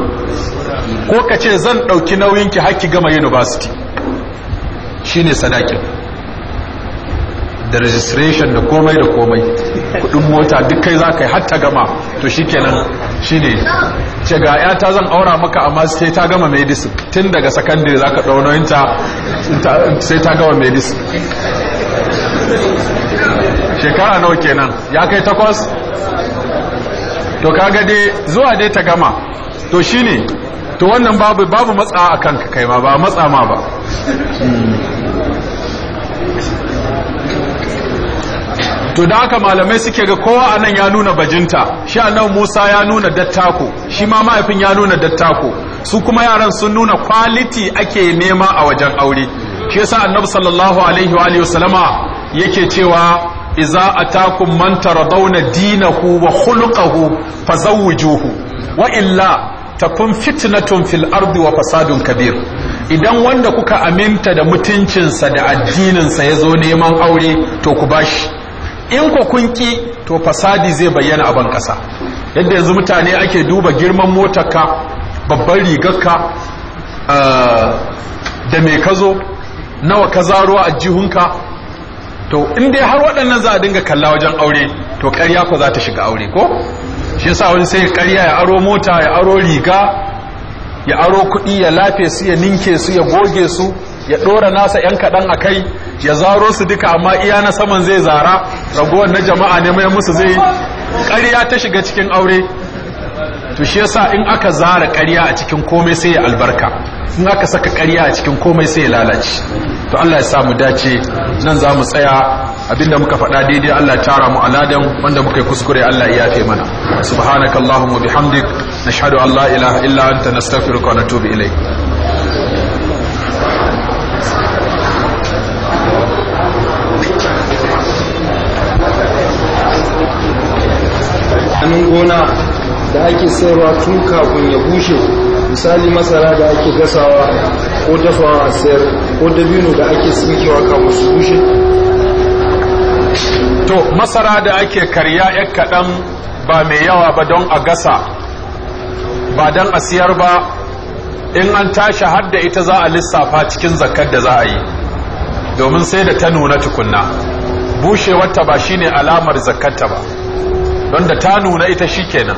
ko ka ce zan ɗauki nauyinki haki gama university shine sadakin da registration da komai da komai kudin mota duk kai za ka yi hatta gama to shi nan shi ne ce ga ta zan aura maka amma sai ta gama medicine tun daga secondary za ka daunoyinta sai ta gama medicine shekara nawa kenan ya kai takwas to kaga dai zuwa dai ta gama to shine to wannan babu babu matsa a kanka kai ma ba matsa ma ba to da aka malamai suke ga kowa anan ya nuna bajinta shi nan Musa ya nuna dattako shi ma mahaifin ya nuna dattako su kuma yaran sun nuna kwaliti ake nema a wajen aure shi yasa annabi sallallahu alaihi wa alihi wasallama yake cewa iza atakum man taradawna dinahu wa khuluquhu fazawwijuhu wa illa takun fitnatun fil ardi wa fasadun kabir idan wanda kuka aminta da mutuncinsa da addininsa ya zo neman aure to ku bashi in ku kun ki to fasadi zai bayyana a ban yadda yanzu mutane ake duba girman motarka babban rigarka ah, da me ka zo nawa ka zaro a jihunka to in dai har waɗannan za a dinga kalla wajen aure to ƙarya ko za ta shiga aure ko shi yasa wani sai ƙarya ya aro mota ya aro riga ya aro kuɗi ya lafe su ya ninke su ya goge su ya ɗora nasa ‘yan kaɗan a kai ya zaro su duka amma iya na saman zai zara ragowar na jama'a ne mai musu zai ƙarya ta shiga cikin aure to shi yasa in aka zara ƙarya a cikin komai sai ya albarka in aka saka ƙarya a cikin komai sai ya lalace to Allah ya samu dace nan za mu tsaya abinda muka faɗa daidai Allah tara mu aladan wanda muka yi kuskure Allah ya yafe mana subhanaka allahumma bihamdik nashhadu an la ilaha illa anta nastaghfiruka wa natubu ilayk hannun gona da ake sayarwa tun kafin ya bushe misali masara da ake gasawa ko dafawa a sayar ko dabino da ake sinkewa kafin su bushe to masara da ake karya yan kaɗan ba mai yawa ba don a gasa ba don a siyar ba in an tashi har da ita za a lissafa cikin zakar da za a yi domin sai da ta nuna tukunna bushewarta ba shine alamar zakarta ba don da ta nuna ita shikenan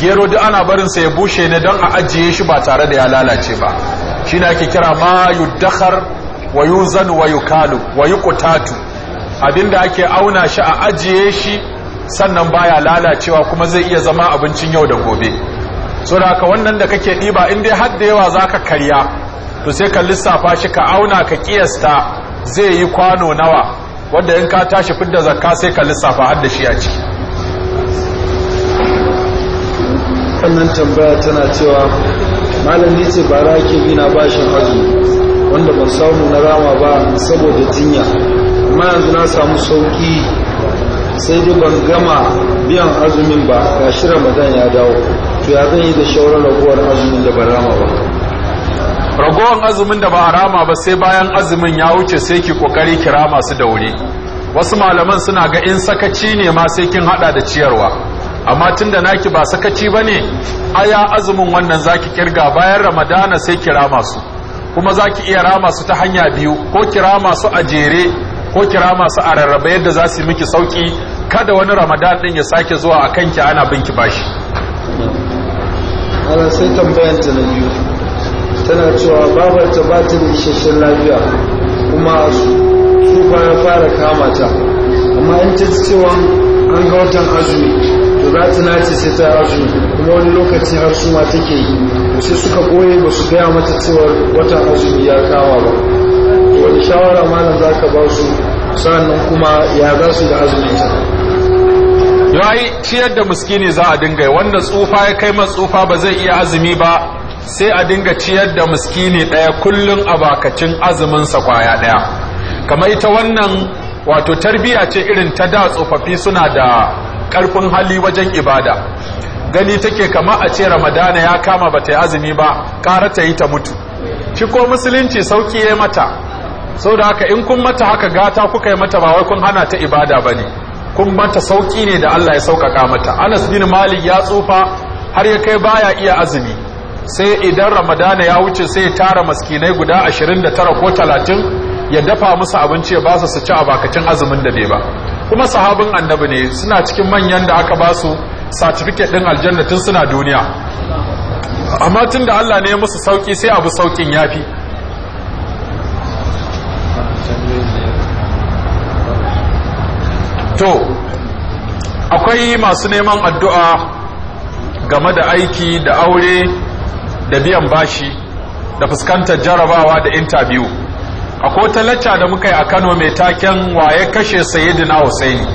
gero duk ana barin sa ya bushe ne don a ajiye shi ba tare da ya lalace ba shi ne ake kira ma dakar wa yuzanu wa kalu wa kutatu abinda ake auna shi a ajiye shi sannan baya lalacewa kuma zai iya zama abincin yau da gobe so da wannan da kake ɗiba in dai har da yawa zaka karya to sai ka lissafa shi ka auna ka kiyasta zai yi kwano nawa wadda in ka tashi fidda zakka sai ka lissafa har da shi a ciki wannan tambaya tana cewa malam ce ba rake bina bashin azumi wanda ban samu na rama ba saboda jinya amma yanzu na samu sauki sai dai ban gama biyan azumin ba ga shi ramadan ya dawo to ya zan yi da shauran ragowar azumin da ban rama ba ragowar azumin da ba a rama ba sai bayan azumin ya wuce sai ki kokari kira masu da wasu malaman suna ga in sakaci ne ma sai kin hada da ciyarwa amma tun da naki ba sakaci ba ne a ya azumin wannan zaki kirga bayan ramadana sai kira masu kuma zaki iya rama su ta hanya biyu ko kira masu a jere ko kira masu a rarraba yadda za su miki sauki kada wani ramadana ɗin ya sake zuwa a kanki ana binki ba ta kuma su ya fara kama amma in ta cewa an ga watan azumi to za ta nace sai ta harshe kuma wani lokaci har su ma take yi sai suka goye ba su gaya mata cewa wata azumi ya kama ba wani shawara malam za ka ba su sannan kuma ya za su da azumin ta yayi ciyar da muskini za a dinga wanda tsufa ya kai tsufa ba zai iya azumi ba sai a dinga ciyar da muskini daya kullun a bakacin azuminsa kwaya daya kamar ita wannan wato tarbiya ce irin ta da tsofaffi suna da karfin hali wajen ibada gani take kama a ce ramadana ya kama ba ta yi azumi ba Kara ta yi ta mutu Ciko musulunci sauki ya mata sau da haka in kun mata haka gata kuka yi mata ba wai kun hana ta ibada ba ne kun mata sauƙi ne da allah ya sauƙaƙa mata anas bin malik ya tsufa har ya kai baya iya azumi sai idan ramadana ya wuce sai ya tara maskinai guda ashirin da tara ko talatin ya dafa musu abinci ya ba su su ci abakacin azumin da bai ba kuma sahabin annabi ne suna cikin manyan da aka ba su certificate din aljanna tun suna duniya amma tun da Allah ne ya musu sauki sai abu saukin yafi to akwai masu neman addu'a game da aiki da aure da biyan bashi da fuskantar jarabawa da intabiyu akwai wata lacca da muka yi a Kano mai taken waye kashe Sayyidina Husaini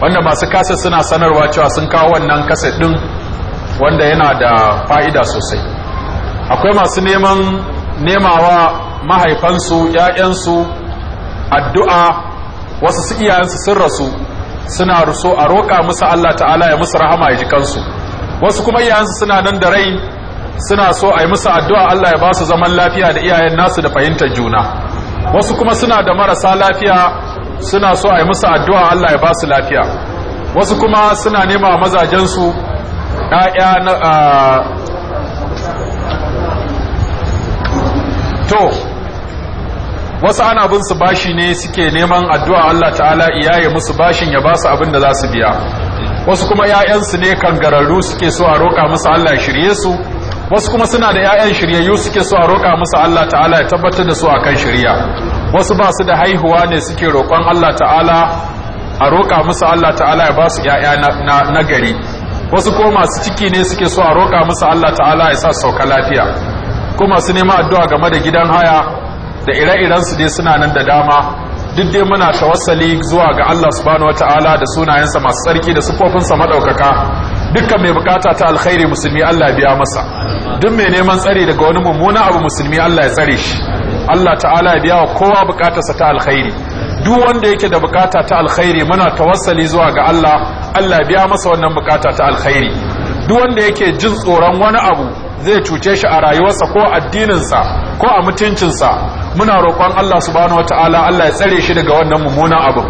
wanda masu kasa suna sanarwa cewa sun kawo wannan kaset din wanda yana da fa'ida sosai akwai masu neman nemawa mahaifansu ‘ya'yansu addu'a wasu su iyayensu sun rasu suna ruso a roƙa musu Allah ta'ala ya musu rahama ya jikansu wasu kuma iyayensu suna nan da rai suna so a yi musu addu'a Allah ya ba su zaman lafiya da iyayen nasu da fahimtar juna wasu kuma suna da marasa lafiya suna so a yi musu addu'a Allah ya ba su lafiya wasu kuma suna nema mazajensu ‘ya'ya na a to wasu ana bin su bashi ne suke neman addu'a Allah ta'ala iyaye musu bashin ya ba su abin da za su biya wasu kuma ‘ya'yansu ne kangararru suke so a roƙa musu Allah ya shirye su wasu kuma suna da 'ya'yan shiryayyu suke so a roƙa musu Allah ta'ala ya tabbatar da su a kan shirya wasu ba su da haihuwa ne suke roƙon Allah ta'ala a roƙa musu Allah ta'ala ya ba su 'ya'ya na gari wasu ko masu ciki ne suke so a roƙa musu Allah ta'ala ya sa sauka lafiya ko masu neman addu'a game da gidan haya da ire-irensu dai suna nan da dama duk dai muna tawassali zuwa ga Allah subhanahu wataala da sunayensa masu tsarki da sufofinsa madaukaka dukkan mai bukata ta alkhairi musulmi Allah biya masa duk mai neman tsari daga wani mummuna abu musulmi Allah ya tsare shi Allah ta'ala ya biya wa kowa bukatarsa ta alkhairi duk wanda yake da bukata ta alkhairi muna tawassali zuwa ga Allah Allah biya masa wannan bukata ta alkhairi duk wanda yake jin tsoron wani abu zai cuce shi a rayuwarsa ko addininsa ko a mutuncinsa muna roƙon Allah subhanahu wataala Allah ya tsare shi daga wannan mummunan abu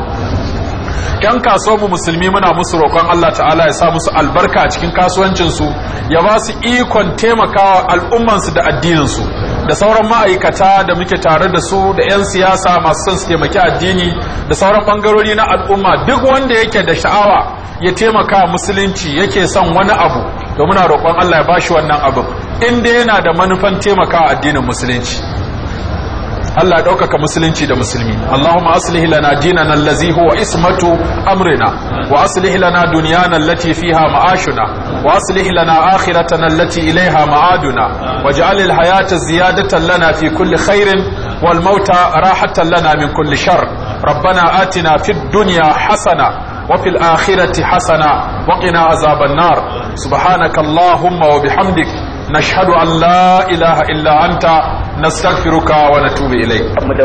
yan kaso mu musulmi muna musu roƙon Allah ta'ala ya sa musu albarka a cikin kasuwancin su ya ba su ikon taimakawa al'umman su da addinin su da sauran ma'aikata da muke tare da su da 'yan siyasa masu son su taimaki addini da sauran bangarori na al'umma duk wanda yake da sha'awa ya taimaka musulunci yake son wani abu to muna roƙon Allah ya ba shi wannan abin in dai yana da manufan taimakawa addinin musulunci Allah ya ɗaukaka musulunci da musulmi Allahumma aslih lana dinana allazi huwa ismatu amrina wa aslih lana dunyana allati fiha ma'ashuna wa aslih lana akhiratana allati ilaiha ma'aduna waj'al al-hayata ziyadatan lana fi kulli khairin wal mauta rahatan lana min kulli shar fid آتنا في wa fil akhirati الآخرة حسنة وقنا عذاب النار سبحانك اللهم وبحمدك nashhadu an la ilaha illa anta nastaghfiruka wa natubu ilayk